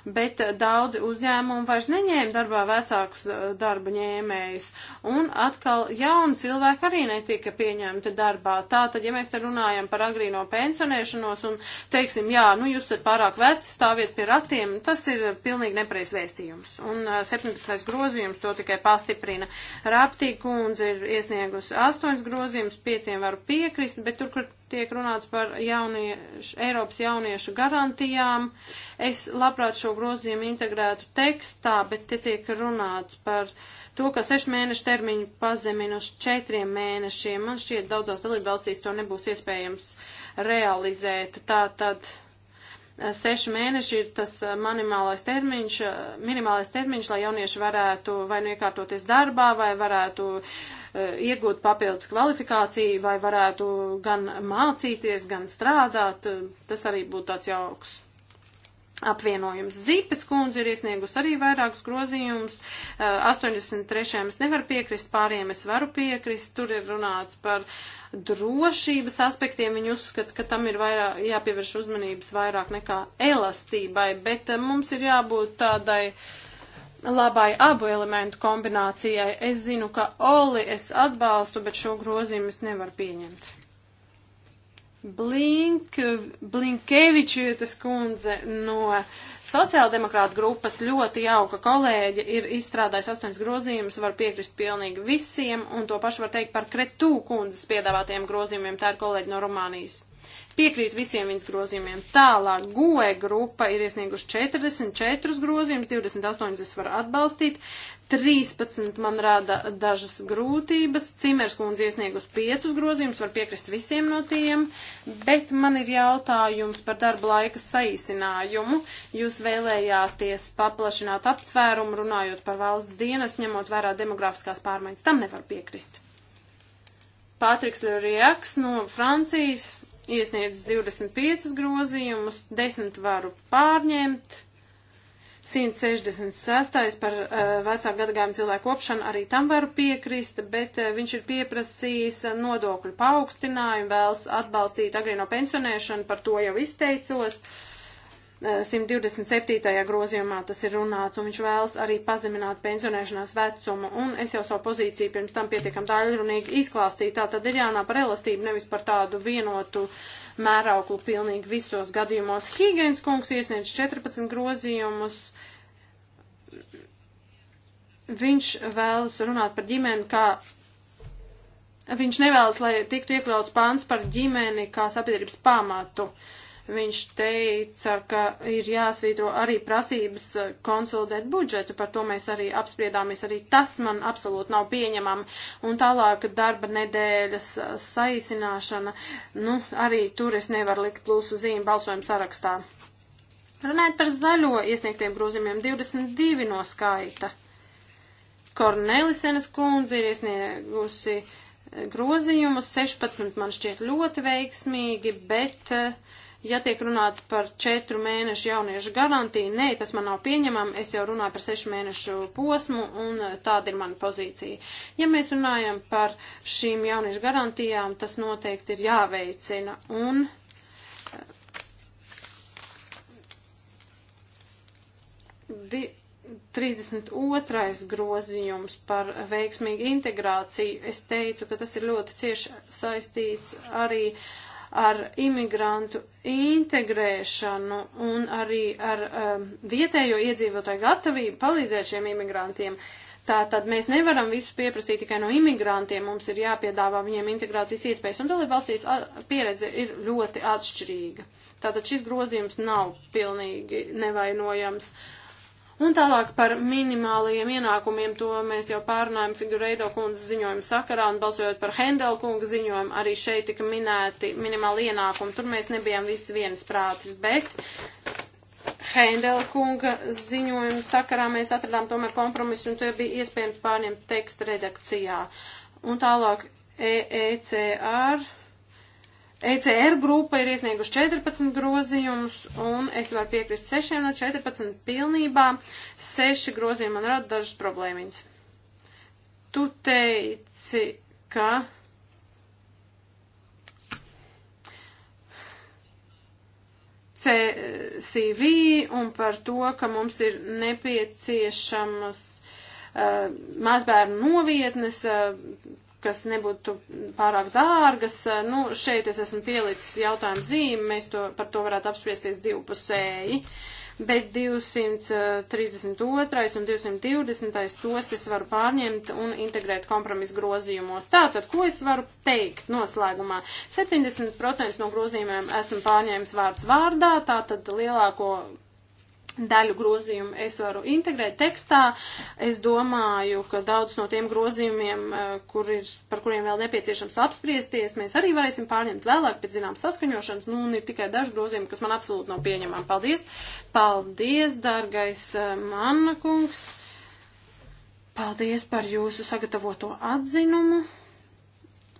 bet eh, daudzi uzņēmumi vairs neņēma darbā vecākus eh, darba ņēmējus, un atkal jauni cilvēki arī netika pieņemti darbā. Tātad, ja mēs te runājam par agrīno pensionēšanos un teiksim, jā, nu jūs esat pārāk veci, stāviet pie ratiem, tas ir pilnīgi nepreiz vēstījums. Un 17. Eh, grozījums to tikai pastiprina. Raptī kundze ir iesniegusi astoņas grozījumus, pieciem varu piekrist, bet tur, kur tiek runāts par jauniešu, Eiropas jauniešu garantijām. Es labprāt šo grozījumu integrētu tekstā, bet te tiek runāts par to, ka sešu mēnešu termiņu pazemina uz četriem mēnešiem. Man šķiet, daudzās dalībvalstīs to nebūs iespējams realizēt. Tā tad Eh, seši mēneši ir tas eh, minimālais termiņš, eh, minimālais termiņš, lai jaunieši varētu vai nu iekārtoties darbā, vai varētu iegūt papildus kvalifikāciju, vai varētu gan mācīties, gan strādāt. Tas arī būtu tāds jauks apvienojums. Zīpes kundze ir iesniegus arī vairākus grozījumus. 83. Eh, es nevaru piekrist, pāriem es varu piekrist. Tur ir runāts par drošības aspektiem. Viņi uzskata, ka tam ir vairāk, jāpievērš uzmanības vairāk nekā elastībai, bet eh, mums ir jābūt tādai labai abu elementu kombinācijai. Es zinu, ka Oli es atbalstu, bet šo grozījumu es nevaru pieņemt. Blink, Blinkevičietas kundze no sociāldemokrāta grupas ļoti jauka kolēģe ir izstrādājis astoņas grozījumus, var piekrist pilnīgi visiem, un to pašu var teikt par Kretū kundzes piedāvātajiem grozījumiem, tā ir kolēģe no Rumānijas piekrīt visiem viņas grozījumiem. Tālāk GOE grupa ir iesnieguši 44 grozījumus, 28 es varu atbalstīt, 13 man rada dažas grūtības, Cimers kundze iesniegus 5 grozījumus, var piekrist visiem no tiem, bet man ir jautājums par darba laika saīsinājumu. Jūs vēlējāties paplašināt aptvērumu, runājot par valsts dienas, ņemot vērā demografiskās pārmaiņas. Tam nevar piekrist. Pātriks Luriaks no Francijas iesniedzis 25 grozījumus, 10 varu pārņemt, 166 par uh, vecāku gadagājumu cilvēku kopšanu arī tam varu piekrist, bet uh, viņš ir pieprasījis nodokļu paaugstinājumu, vēlas atbalstīt agrīno pensionēšanu, par to jau izteicos. Uh, 127. grozījumā tas ir runāts, un viņš vēlas arī pazemināt pensionēšanās vecumu, un es jau savu pozīciju pirms tam pietiekam daļrunīgi izklāstīju, tā tad ir jānā par elastību, nevis par tādu vienotu mērauklu pilnīgi visos gadījumos. Hīgens kungs iesniedz 14 grozījumus, viņš vēlas runāt par ģimeni kā Viņš nevēlas, lai tiktu iekļauts pāns par ģimeni kā sabiedrības pamatu. Uh, Viņš teica, ka ir jāsvītro arī prasības eh, konsolidēt budžetu, par to mēs arī apspriedāmies, arī tas man absolūti nav pieņemami. Un tālāk darba nedēļas eh, saīsināšana, nu, arī tur es nevaru likt plusu zīmi balsojumu sarakstā. Runājot par zaļo iesniegtiem grozījumiem, 22 no skaita. Kornelisenes kundze ir iesniegusi eh, grozījumus, 16 man šķiet ļoti veiksmīgi, bet uh, ja tiek runāts par četru mēnešu jauniešu garantiju, nē, tas man nav pieņemami, es jau runāju par sešu mēnešu posmu un tāda ir mana pozīcija. Ja mēs runājam par šīm jauniešu garantijām, tas noteikti ir jāveicina un. Eh, di 32. grozījums par veiksmīgu integrāciju. Es teicu, ka tas ir ļoti cieši saistīts arī ar imigrantu integrēšanu un arī ar um, vietējo iedzīvotāju gatavību palīdzēt šiem imigrantiem. Tātad mēs nevaram visu pieprasīt tikai no imigrantiem, mums ir jāpiedāvā viņiem integrācijas iespējas, un dalībvalstīs pieredze ir ļoti atšķirīga. Tātad šis grozījums nav pilnīgi nevainojams. Uh, Un tālāk par minimālajiem ienākumiem, to mēs jau pārunājam Figureido kundzes ziņojumu sakarā un balsojot par Hendel kunga ziņojumu, arī šeit tika minēti minimāli ienākumi. Tur mēs nebijām visi vienas prātis, bet Hendel kunga ziņojumu sakarā mēs atradām tomēr kompromisu un to bija iespējams pārņemt teksta redakcijā. Un tālāk EECR. -E, e ECR grupa ir iesnieguši 14 grozījumus, un es varu piekrist 6 no 14 pilnībā. 6 grozījumi man rada dažas problēmiņas. Tu teici, ka. CV un par to, ka mums ir nepieciešamas uh, mazbērnu novietnes, uh, kas nebūtu pārāk dārgas. Eh, nu, šeit es esmu pielicis jautājumu zīmi, mēs to, par to varētu apspriesties divpusēji. Bet 232 un 220 tos es varu pārņemt un integrēt kompromisu grozījumos. Tātad, ko es varu teikt noslēgumā? 70% no grozījumiem esmu pārņēmis vārds vārdā, tātad lielāko daļu grozījumu es varu integrēt tekstā. Es domāju, ka daudz no tiem grozījumiem, eh, kur ir, par kuriem vēl nepieciešams apspriesties, mēs arī varēsim pārņemt vēlāk pēc zinām saskaņošanas. Nu, un ir tikai daži grozījumi, kas man absolūti nav pieņemami. Paldies! Paldies, dārgais eh, manna kungs! Paldies par jūsu sagatavoto atzinumu!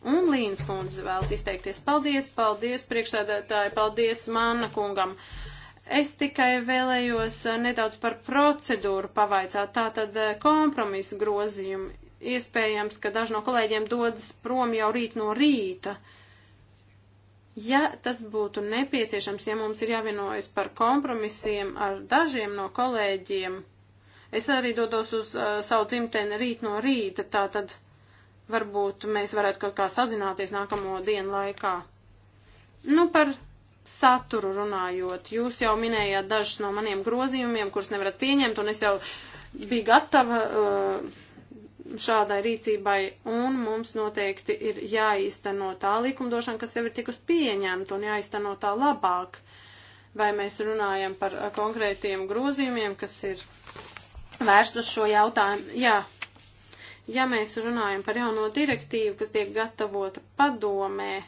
Un Līnas kundze vēlas izteikties. Paldies, paldies priekšsēdētāji, paldies manna kungam! Uh, Es tikai vēlējos eh, nedaudz par procedūru pavaicāt. Tātad eh, kompromisa grozījumi. Iespējams, ka daži no kolēģiem dodas prom jau rīt no rīta. Ja tas būtu nepieciešams, ja mums ir jāvienojas par kompromisiem ar dažiem no kolēģiem, es arī dodos uz uh, savu dzimteni rīt no rīta, tātad varbūt mēs varētu kaut kā sazināties nākamo dienu laikā. Nu, par saturu runājot. Jūs jau minējāt dažus no maniem grozījumiem, kurus nevarat pieņemt, un es jau biju gatava uh, šādai rīcībai, un mums noteikti ir jāīsteno tā likumdošana, kas jau ir tikus pieņemta, un jāīsteno tā labāk. Vai mēs runājam par uh, konkrētiem grozījumiem, kas ir vērst uz šo jautājumu? Jā, ja mēs runājam par jauno direktīvu, kas tiek gatavota padomē,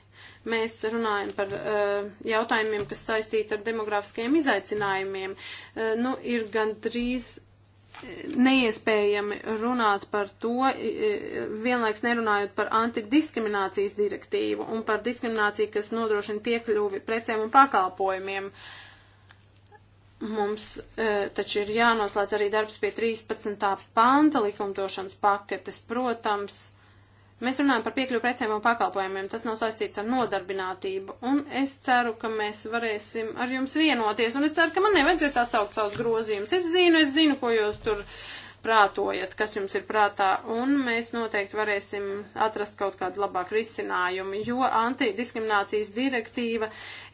Mēs runājam par uh, jautājumiem, kas saistīti ar demografiskiem izaicinājumiem. Uh, nu, ir gandrīz eh, neiespējami runāt par to, vienlaiks nerunājot par antidiskriminācijas direktīvu un par diskrimināciju, kas nodrošina piekļuvi precēm un pakalpojumiem. Mums e, taču ir jānoslēdz arī darbs pie 13. panta likumdošanas paketes. Protams, Mēs runājam par piekļuvu precēm un pakalpojumiem, tas nav saistīts ar nodarbinātību, un es ceru, ka mēs varēsim ar jums vienoties, un es ceru, ka man nevajadzēs atsaukt savus grozījumus. Es zinu, es zinu, ko jūs tur uh, prātojat, kas jums ir prātā, un mēs noteikti varēsim atrast kaut kādu labāku risinājumu, jo antidiskriminācijas direktīva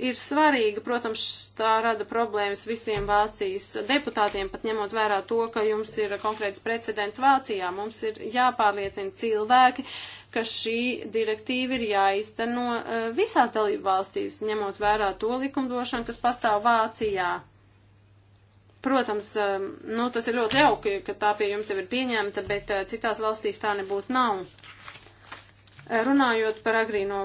ir svarīga. Protams, tā rada problēmas visiem Vācijas deputātiem, pat ņemot vērā to, ka jums ir konkrēts precedents Vācijā. Mums ir jāpārliecina cilvēki, ka šī direktīva ir jāizteno eh, visās dalību valstīs, ņemot vērā to likumdošanu, kas pastāv Vācijā. Protams, um, nu, tas ir ļoti jauki, ka tā pie jums jau ir pieņemta, bet uh, citās valstīs tā nebūtu nav. Runājot par agrīno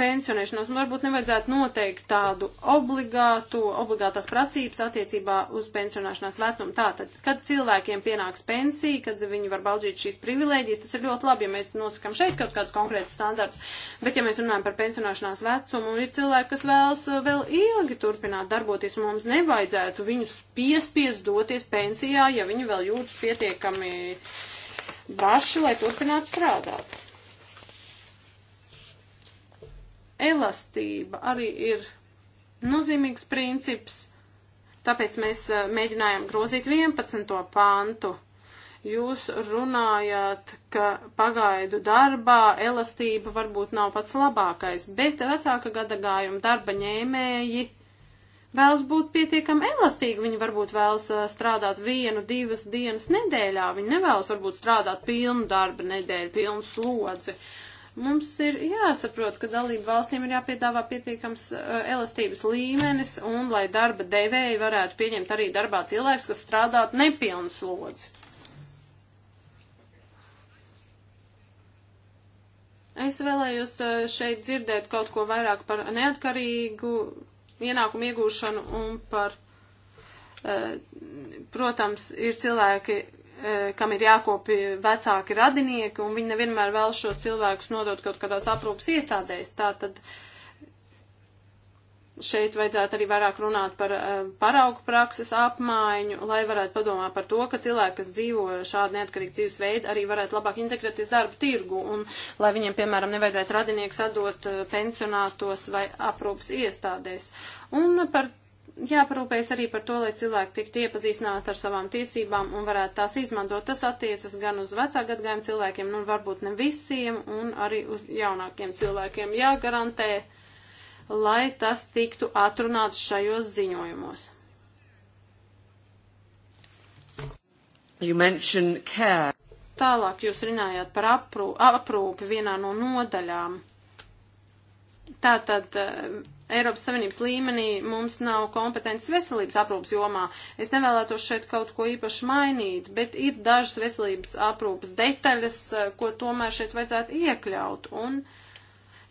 pensionēšanos, nu, varbūt nevajadzētu noteikt tādu obligātu, obligātās prasības attiecībā uz pensionēšanās vecumu. Tātad, kad cilvēkiem pienāks pensija, kad viņi var baudīt šīs privilēģijas, tas ir ļoti labi, ja mēs nosakam šeit kaut kādus konkrētus standartus. Bet, ja mēs runājam par pensionēšanās vecumu, ir cilvēki, kas vēlas uh, vēl ilgi turpināt darboties, un mums nevajadzētu viņus piespies doties pensijā, ja viņi vēl jūtas pietiekami baši, lai turpinātu strādāt. Elastība arī ir nozīmīgs princips, tāpēc mēs eh, mēģinājām grozīt 11. pantu. Jūs runājāt, ka pagaidu darbā elastība varbūt nav pats labākais, bet vecāka gada gājuma darba ņēmēji vēlas būt pietiekami elastīgi. Viņi varbūt vēlas eh, strādāt vienu, divas dienas nedēļā. Viņi nevēlas varbūt strādāt pilnu darba nedēļu, pilnu slodzi. Uh, Mums ir jāsaprot, ka dalību valstīm ir jāpiedāvā pietiekams eh, elastības līmenis un lai darba devēji varētu pieņemt arī darbā cilvēks, kas strādātu nepilnu slodzi. Es vēlējos eh, šeit dzirdēt kaut ko vairāk par neatkarīgu ienākumu iegūšanu un par, eh, protams, ir cilvēki, E, kam ir jākopi vecāki radinieki, un viņi nevienmēr vēl šos cilvēkus nodot kaut kādās aprūpas iestādēs. Tātad šeit vajadzētu arī vairāk runāt par e, paraugu prakses apmaiņu, lai varētu padomāt par to, ka cilvēki, kas dzīvo šādu neatkarīgu dzīvesveidu, arī varētu labāk integrēties darba tirgu, un lai viņiem, piemēram, nevajadzētu radinieks atdot e, pensionātos vai aprūpas iestādēs. Un par jāparūpējas arī par to, lai cilvēki tiktu iepazīstināti ar savām tiesībām un varētu tās izmantot. Tas attiecas gan uz vecāku gadgājumu cilvēkiem, nu varbūt ne visiem, un arī uz jaunākiem cilvēkiem jāgarantē, lai tas tiktu atrunāts šajos ziņojumos. You mentioned care. Tālāk jūs runājāt par aprū, aprūpi vienā no nodaļām. Tātad eh, Eiropas Savienības līmenī mums nav kompetences veselības aprūpas jomā. Es nevēlētos šeit kaut ko īpaši mainīt, bet ir dažas veselības aprūpas detaļas, eh, ko tomēr šeit vajadzētu iekļaut. Un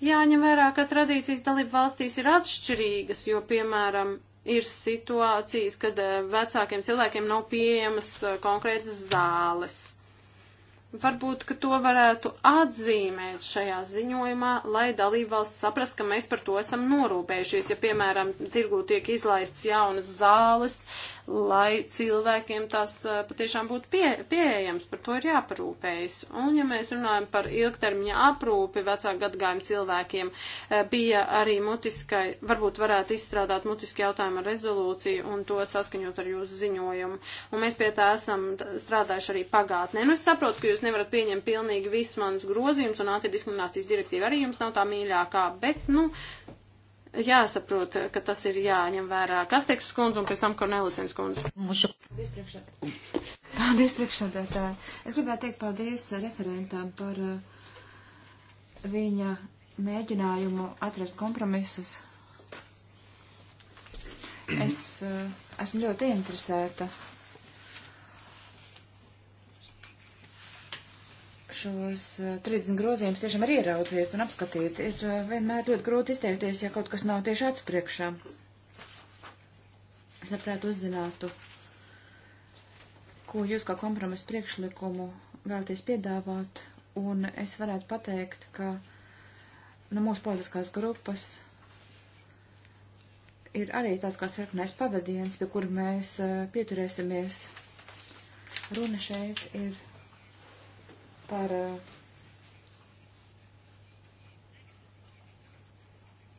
jāņem vērā, ka tradīcijas dalība valstīs ir atšķirīgas, jo, piemēram, ir situācijas, kad eh, vecākiem cilvēkiem nav pieejamas eh, konkrētas zāles Varbūt, ka to varētu atzīmēt šajā ziņojumā, lai dalībvalsts saprast, ka mēs par to esam norūpējušies. Ja, piemēram, tirgū tiek izlaists jaunas zāles, lai cilvēkiem tas patiešām būtu pie, pieejams, par to ir jāparūpējas. Un, ja mēs runājam par ilgtermiņa aprūpi vecāku gadgājumu cilvēkiem, bija arī mutiskai, varbūt varētu izstrādāt mutiski jautājumu ar rezolūciju un to saskaņot ar jūsu ziņojumu. Un mēs pie tā esam strādājuši arī pagātnē. Nu, es saprotu, ka jūs nevarat pieņemt pilnīgi visus manus grozījumus un antidiskriminācijas direktīva arī jums nav tā mīļākā, bet, nu, jāsaprot, ka tas ir jāņem vērā Kasteks skundze un pēc tam Kornelisens skundze. Mušu. Paldies priekšsādātāji. Es gribētu teikt paldies referentām par uh, viņa mēģinājumu atrast kompromisus. Es uh, esmu ļoti interesēta šos 30 eh, grozījumus tiešām arī ieraudzīt un apskatīt. Ir eh, vienmēr ļoti grūti izteikties, ja kaut kas nav tieši acu priekšā. Es labprāt uzzinātu, ko jūs kā kompromisu priekšlikumu vēlties piedāvāt, un es varētu pateikt, ka no nu, mūsu politiskās grupas ir arī tāds kā sarkanais pavadiens, pie kura mēs eh, pieturēsimies. Runa šeit ir par eh,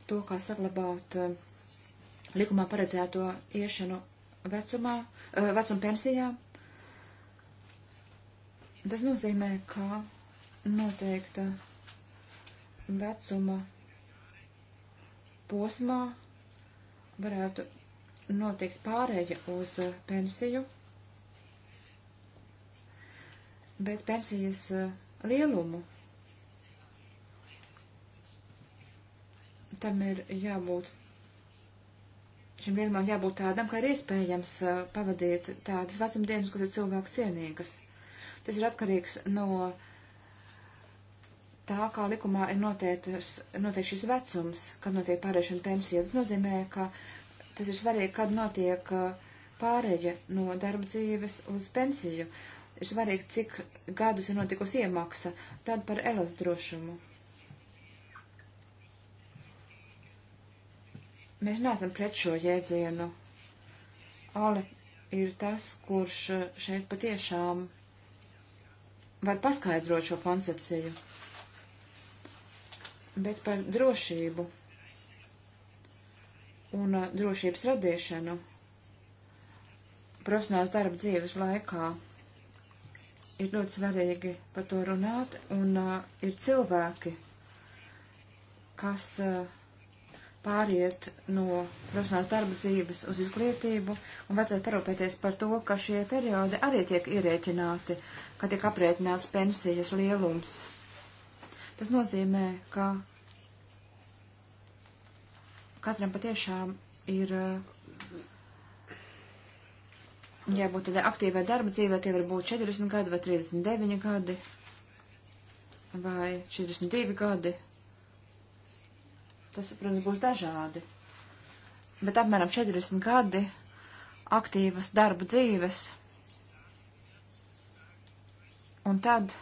to, kā saglabāt eh, likumā paredzēto iešanu vecumā, eh, vecuma pensijā. Tas nozīmē, ka noteikta vecuma posmā varētu notikt pārēja uz pensiju bet pensijas eh, lielumu. Tam ir jābūt, šim vienmēr jābūt tādam, ka ir iespējams eh, pavadīt tādas vecumdienas, kas ir cilvēku cienīgas. Tas ir atkarīgs no tā, kā likumā ir noteiktas, noteikti šis vecums, kad notiek pārēšana pensija. Tas nozīmē, ka tas ir svarīgi, kad notiek eh, pārēja no darba dzīves uz pensiju. Uh, ir svarīgi, cik gadus ir notikusi iemaksa, tad par elas drošumu. Mēs neesam pret šo jēdzienu. Ale ir tas, kurš šeit patiešām var paskaidrot šo koncepciju. Bet par drošību un drošības radīšanu profesionāls darba dzīves laikā ir ļoti svarīgi par to runāt, un uh, ir cilvēki, kas uh, pāriet no profesionālās darba dzīves uz izglītību, un vajadzētu parūpēties par to, ka šie periodi arī tiek ierēķināti, ka tiek aprēķināts pensijas lielums. Tas nozīmē, ka katram patiešām ir uh, jābūt tādai aktīvai darba dzīvē, tie var būt 40 gadi vai 39 gadi vai 42 gadi. Tas, protams, būs dažādi. Bet apmēram 40 gadi aktīvas darba dzīves. Un tad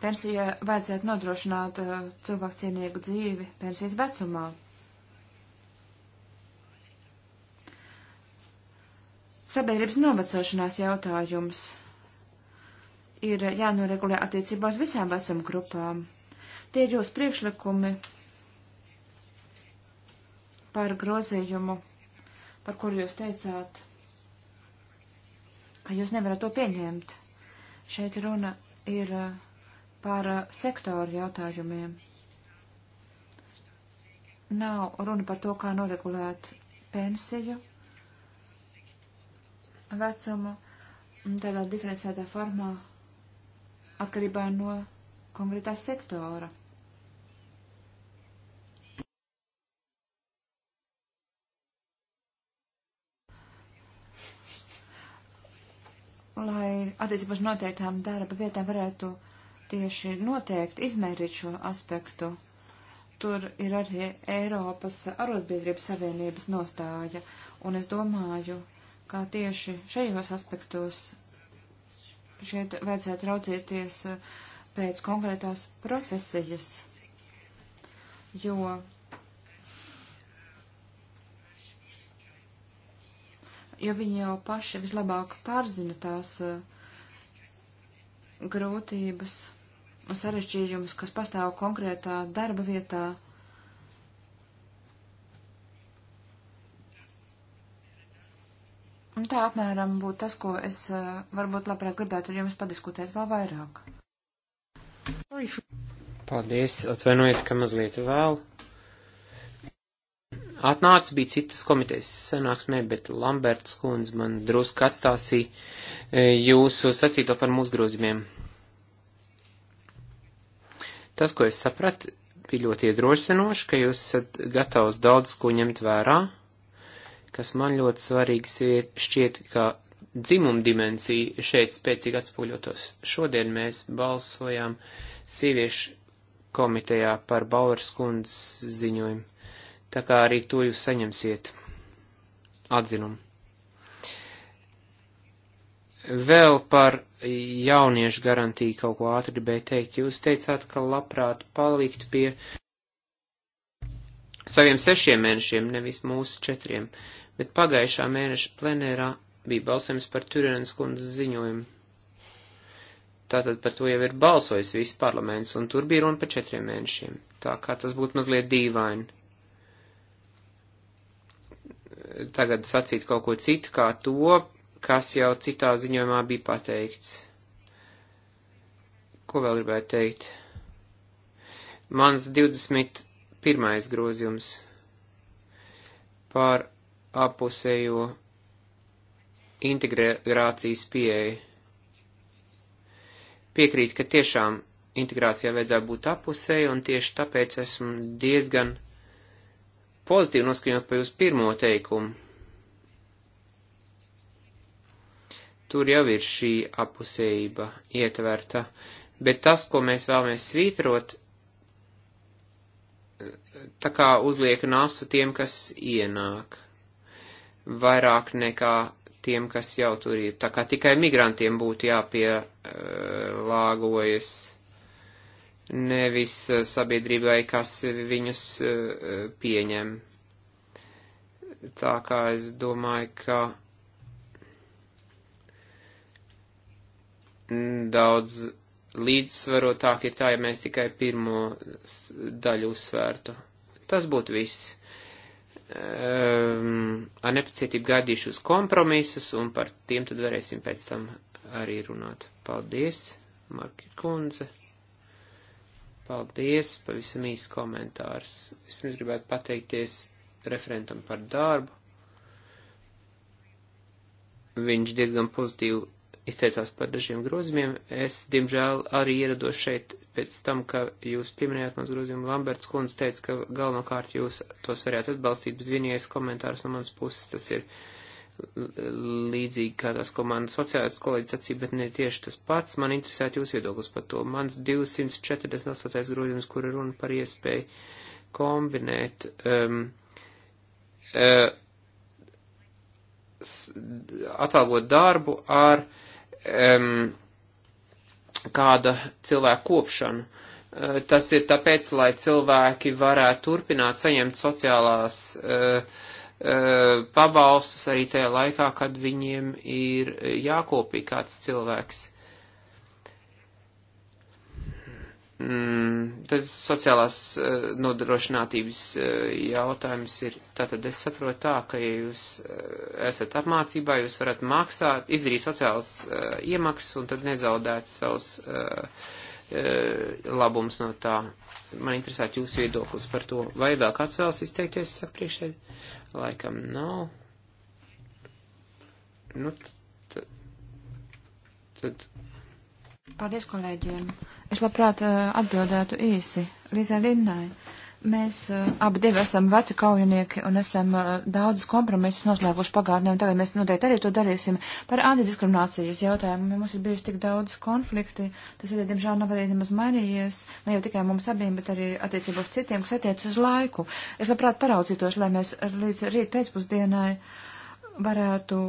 pensija vajadzētu nodrošināt uh, cilvēku cienīgu dzīvi pensijas vecumā. Sabiedrības novecošanās jautājums ir jānoregulē attiecībā uz visām vecuma grupām. Tie ir jūsu priekšlikumi par grozījumu, par kuru jūs teicāt, ka jūs nevarat to pieņemt. Šeit runa ir uh, par uh, sektoru jautājumiem. Nav runa par to, kā noregulēt pensiju vecumu tādā diferencētā formā atkarībā no konkrētā sektora. Lai attiecībās noteiktām darba vietām varētu tieši noteikt, izmērīt šo aspektu, tur ir arī Eiropas arotbiedrības savienības nostāja, un es domāju, kā tieši šajos aspektos šeit vajadzētu raudzīties eh, pēc konkrētās profesijas, jo, jo viņi jau paši vislabāk pārzina tās eh, grūtības un sarežģījumus, kas pastāv konkrētā darba vietā Un tā apmēram būtu tas, ko es eh, varbūt labprāt gribētu ar jums padiskutēt vēl vairāk. Paldies, atvainojiet, ka mazliet vēl. Atnāca bija citas komitejas sanāksmē, bet Lamberts kundze man drusku atstāsīja eh, jūsu sacīto par mūsu grozījumiem. Tas, ko es sapratu, bija ļoti iedrošinoši, ka jūs esat gatavs daudz ko ņemt vērā kas man ļoti svarīgs ir, šķiet, ka dzimuma dimensija šeit spēcīgi atspūļotos. Šodien mēs balsojām sieviešu komitejā par Bauers kundzes ziņojumu, tā kā arī to jūs saņemsiet atzinumu. Vēl par jauniešu garantiju kaut ko ātri bija teikt. Jūs teicāt, ka labprāt palikt pie saviem sešiem mēnešiem, nevis mūsu četriem. Uh, bet pagājušā mēneša plenērā bija balsojums par Turenes kundzes ziņojumu. Tātad par to jau ir balsojis viss parlaments, un tur bija runa par četriem mēnešiem. Tā kā tas būtu mazliet dīvaini. Tagad sacīt kaut ko citu kā to, kas jau citā ziņojumā bija pateikts. Ko vēl gribētu teikt? Mans 21. grozījums par apusējo integrācijas pieeja. Piekrīt, ka tiešām integrācijā vajadzētu būt apusēji, un tieši tāpēc esmu diezgan pozitīvi noskaņot par jūsu pirmo teikumu. Tur jau ir šī apusējība ietverta, bet tas, ko mēs vēlamies svītrot, tā kā uzliek nasu tiem, kas ienāk vairāk nekā tiem, kas jau tur ir. Tā kā tikai migrantiem būtu jāpielāgojas, nevis eh, sabiedrībai, kas viņus eh, pieņem. Tā kā es domāju, ka daudz līdzsvarotāk ir tā, ja mēs tikai pirmo daļu uzsvērtu. Tas būtu viss um, ar nepacietību gaidīšu uz kompromisus, un par tiem tad varēsim pēc tam arī runāt. Paldies, Marki Kunze. Paldies, pavisam īsts komentārs. Es pirms gribētu pateikties referentam par darbu. Viņš diezgan pozitīvi izteicās par dažiem grozījumiem. Es, diemžēl, arī ierados šeit pēc tam, ka jūs pieminējāt mans grozījumu. Lamberts Kundze teica, ka galvenokārt jūs tos varētu atbalstīt, bet vienīgais komentārs no manas puses tas ir līdzīgi kā tas, ko man sociālists kolēģis sacīja, bet ne tieši tas pats. Man interesētu jūs viedoklis par to. Mans 248. grozījums, kur ir runa par iespēju kombinēt. Um, uh, atalgot darbu ar um, kāda cilvēka kopšanu. Uh, eh, tas ir tāpēc, lai cilvēki varētu turpināt saņemt sociālās uh, uh, pabalstus arī tajā laikā, kad viņiem ir jākopī kāds cilvēks. Mm, tad sociālās uh, nodrošinātības uh, jautājums ir, tātad es saprotu tā, ka ja jūs uh, esat apmācībā, jūs varat maksāt, izdarīt sociālas uh, iemaksas un tad nezaudēt savus uh, uh, labums no tā. Man interesētu jūsu viedoklis par to. Vai vēl kāds vēlas izteikties, saka priekšēd? Laikam nav. Nu, tad, tad Paldies kolēģiem. Es labprāt eh, atbildētu īsi Līzai Linnai. Mēs eh, abi divi esam veci kaujinieki un esam eh, daudzas kompromisus noslēguši pagātnē, un tagad mēs noteikti arī to darīsim. Par antidiskriminācijas jautājumu mums ir bijuši tik daudz konflikti, tas arī, diemžēl, nav arī nemaz mainījies, ne jau tikai mums abiem, bet arī attiecībos citiem, kas attiec uz laiku. Es labprāt paraudzītos, lai mēs līdz rīt pēcpusdienai varētu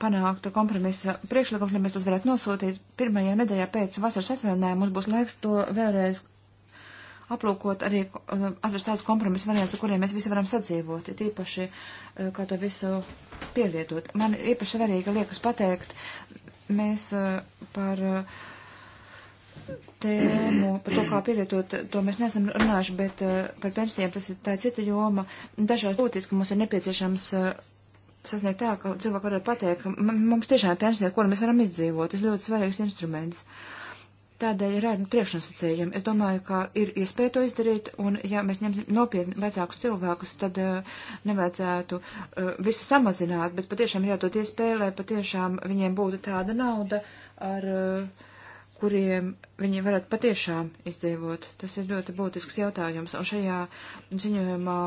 panākta kompromisa priekšlikums, lai mēs tos varētu nosūtīt pirmajā nedēļā pēc vasaras atvēlinājuma. Mums būs laiks to vēlreiz aplūkot, arī uh, atrast tādus kompromisu variantus, ar kuriem mēs visi varam sadzīvot, tīpaši, uh, kā to visu pielietot. Man īpaši svarīgi liekas pateikt, mēs uh, par tēmu, par to, kā pielietot, to mēs nesam runājuši, bet par pensijām tas ir tā cita joma. Dažās būtiski mums ir nepieciešams uh, sasniegt tā, ka cilvēki varētu pateikt, ka mums tiešām ir pensija, ar kuru mēs varam izdzīvot. Tas ļoti svarīgs instruments. Tādēļ ir arī priekšnosacījumi. Es domāju, ka ir iespēja to izdarīt, un ja mēs ņemsim nopietni vecākus cilvēkus, tad uh, nevajadzētu uh, visu samazināt, bet patiešām ir jādod iespēja, lai patiešām viņiem būtu tāda nauda, ar uh, kuriem viņi varētu patiešām izdzīvot. Tas ir ļoti būtisks jautājums, un šajā ziņojumā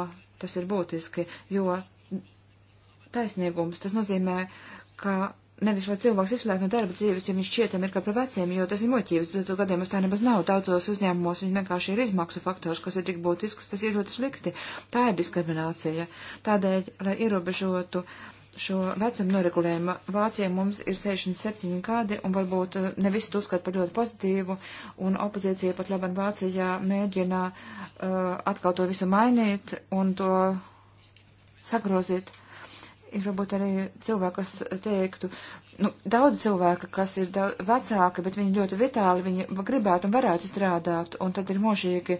tas ir būtiski, jo taisnīgums. Tas nozīmē, ka nevis lai cilvēks izslēgtu no darba dzīves, ja viņš šķietami ir kā par veciem, jo tas ir motīvs, bet gadījumos tā nemaz nav. Daudzos uzņēmumos viņi vienkārši ir izmaksu faktors, kas ir tik būtisks, tas ir ļoti slikti. Tā ir diskriminācija. Tādēļ, lai ierobežotu šo vecumu noregulējumu, Vācijā mums ir 67 gadi, un varbūt eh, ne visi to uzskata par ļoti pozitīvu, un opozīcija pat labam Vācijā mēģina uh, atkal to visu mainīt un to sagrozīt. Uh, ir varbūt arī cilvēki, kas teiktu, nu, daudz cilvēki, kas ir daudz vecāki, bet viņi ļoti vitāli, viņi gribētu un varētu strādāt, un tad ir mūžīgi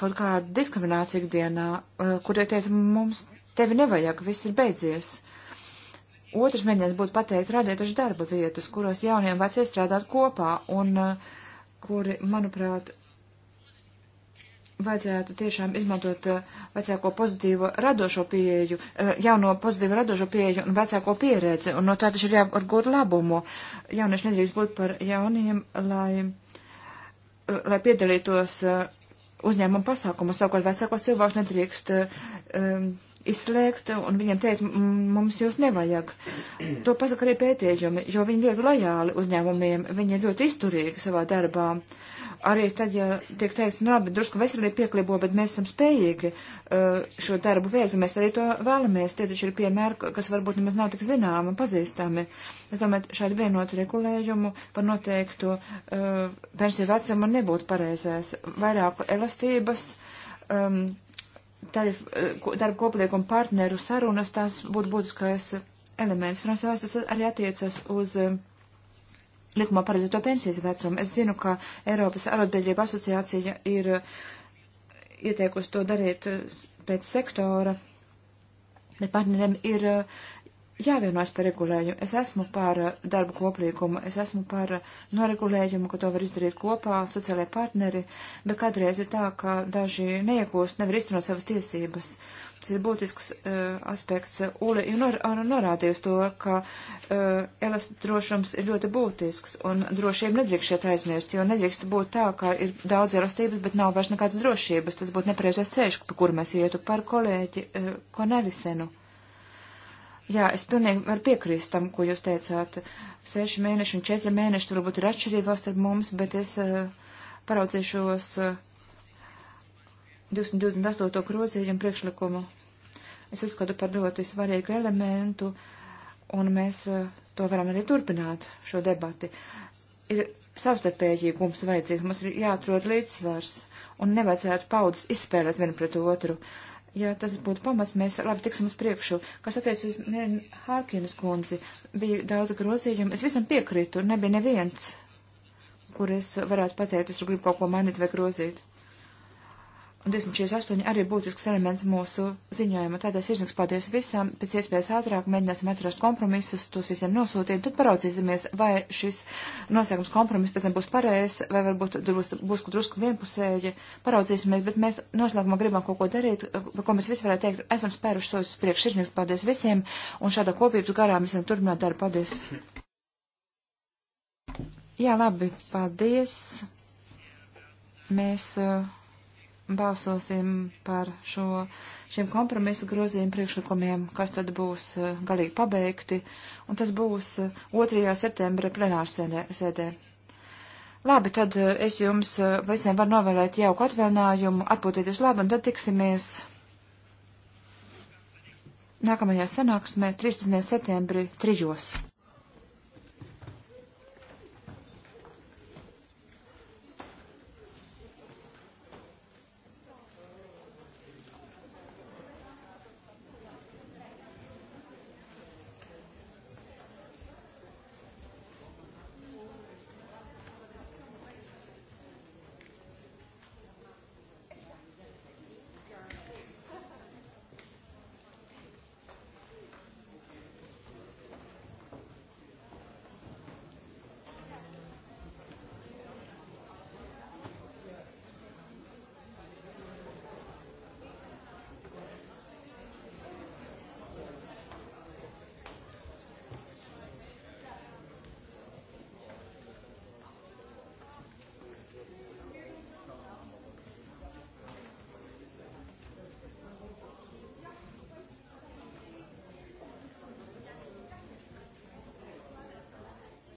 kaut kāda diskriminācija ikdienā, eh, kurie teica, mums tevi nevajag, viss ir beidzies. Otrs mēģinājums būtu pateikt, radiet taču darba vietas, kuros jaunie un veci strādāt kopā, un eh, kuri, manuprāt, vajadzētu tiešām izmantot eh, vecāko pozitīvo radošo pieeju, eh, jauno pozitīvo radošo pieeju un vecāko pieredzi, un no tā taču ir jāgūt labumu. Jaunieši nedrīkst būt par jauniem, lai, eh, lai piedalītos uzņēmumu pasākumu, savukārt vecākos cilvēkus nedrīkst um, izslēgt, un viņiem teica, mums jūs nevajag. To pasaka arī pētījumi, jo viņi ļoti lojāli uzņēmumiem, viņi ir ļoti izturīgi savā darbā. Uh, arī tad, ja tiek teikt, nu labi, drusku veselība pieklibo, bet mēs esam spējīgi uh, šo darbu veikt, un mēs arī to vēlamies. Tie taču ir piemēri, kas varbūt nemaz nav tik zināmi un pazīstami. Es domāju, šādu vienotu regulējumu par noteiktu uh, pensiju vecumu nebūtu pareizais. Vairāk elastības. Um, uh, Darba darb kopliekuma partneru sarunas, tās būtu būtiskais elements. Francijas, tas arī attiecas uz uh, likumā paredzēto pensijas vecumu. Es zinu, ka Eiropas arotbiedrība asociācija ir uh, ieteikusi to darīt uh, pēc sektora, bet partneriem ir uh, jāvienojas par regulējumu. Es esmu par darbu koplīgumu, es esmu par noregulējumu, ka to var izdarīt kopā sociālajie partneri, bet kādreiz ir tā, ka daži neiegūst, nevar izturēt savas tiesības. Uh, tas ir būtisks uh, aspekts. Eh, Ule ir nor, norādījusi to, ka uh, elastrošums ir ļoti būtisks, un drošību nedrīkst šeit aizmirst, jo nedrīkst būt tā, ka ir daudz elastības, bet nav vairs nekādas drošības. Tas būtu nepareizais ceļš, pa kuru mēs ietu par kolēģi uh, Konelisenu. Jā, es pilnīgi varu piekrīst tam, ko jūs teicāt. Seši mēneši un četri mēneši varbūt ir atšķirība vēl starp mums, bet es uh, paraudzīšos. Uh, 228. grozījumu priekšlikumu. Es uzskatu par ļoti svarīgu elementu, un mēs eh, to varam arī turpināt, šo debati. Ir savstarpējīgums vajadzīgs, mums ir jāatrod līdzsvars, un nevajadzētu paudzes izspēlēt vienu pret otru. Ja tas būtu pamats, mēs labi tiksim uz priekšu. Kas attiecas uz Mērnu Hārkienas kundzi, bija daudz grozījumu. Es visam piekrītu, nebija neviens, kur es varētu pateikt, es gribu kaut ko mainīt vai grozīt un 248 arī būtisks elements mūsu ziņojuma. Tādēļ sirsnīgs paldies visām, pēc iespējas ātrāk mēģināsim atrast kompromisus, tos visiem nosūtīt, tad paraudzīsimies, vai šis noslēgums kompromiss pēc tam būs pareizs, vai varbūt būs, būs drusku vienpusēji, paraudzīsimies, bet mēs noslēgumā gribam kaut ko darīt, par ko mēs visi varētu teikt, esam spēruši soļus priekš, sirsnīgs paldies visiem, un šādā kopības garā mēs varam turpināt darbu. Paldies! Jā, labi, paldies! Mēs uh, balsosim par šo, šiem kompromisu grozījumu priekšlikumiem, kas tad būs eh, galīgi pabeigti, un tas būs 2. Eh, septembra plenārsēdē. Labi, tad eh, es jums visiem varu novēlēt jauku atvainājumu, atpūtieties labi, un tad tiksimies nākamajā sanāksmē 13. septembrī trijos.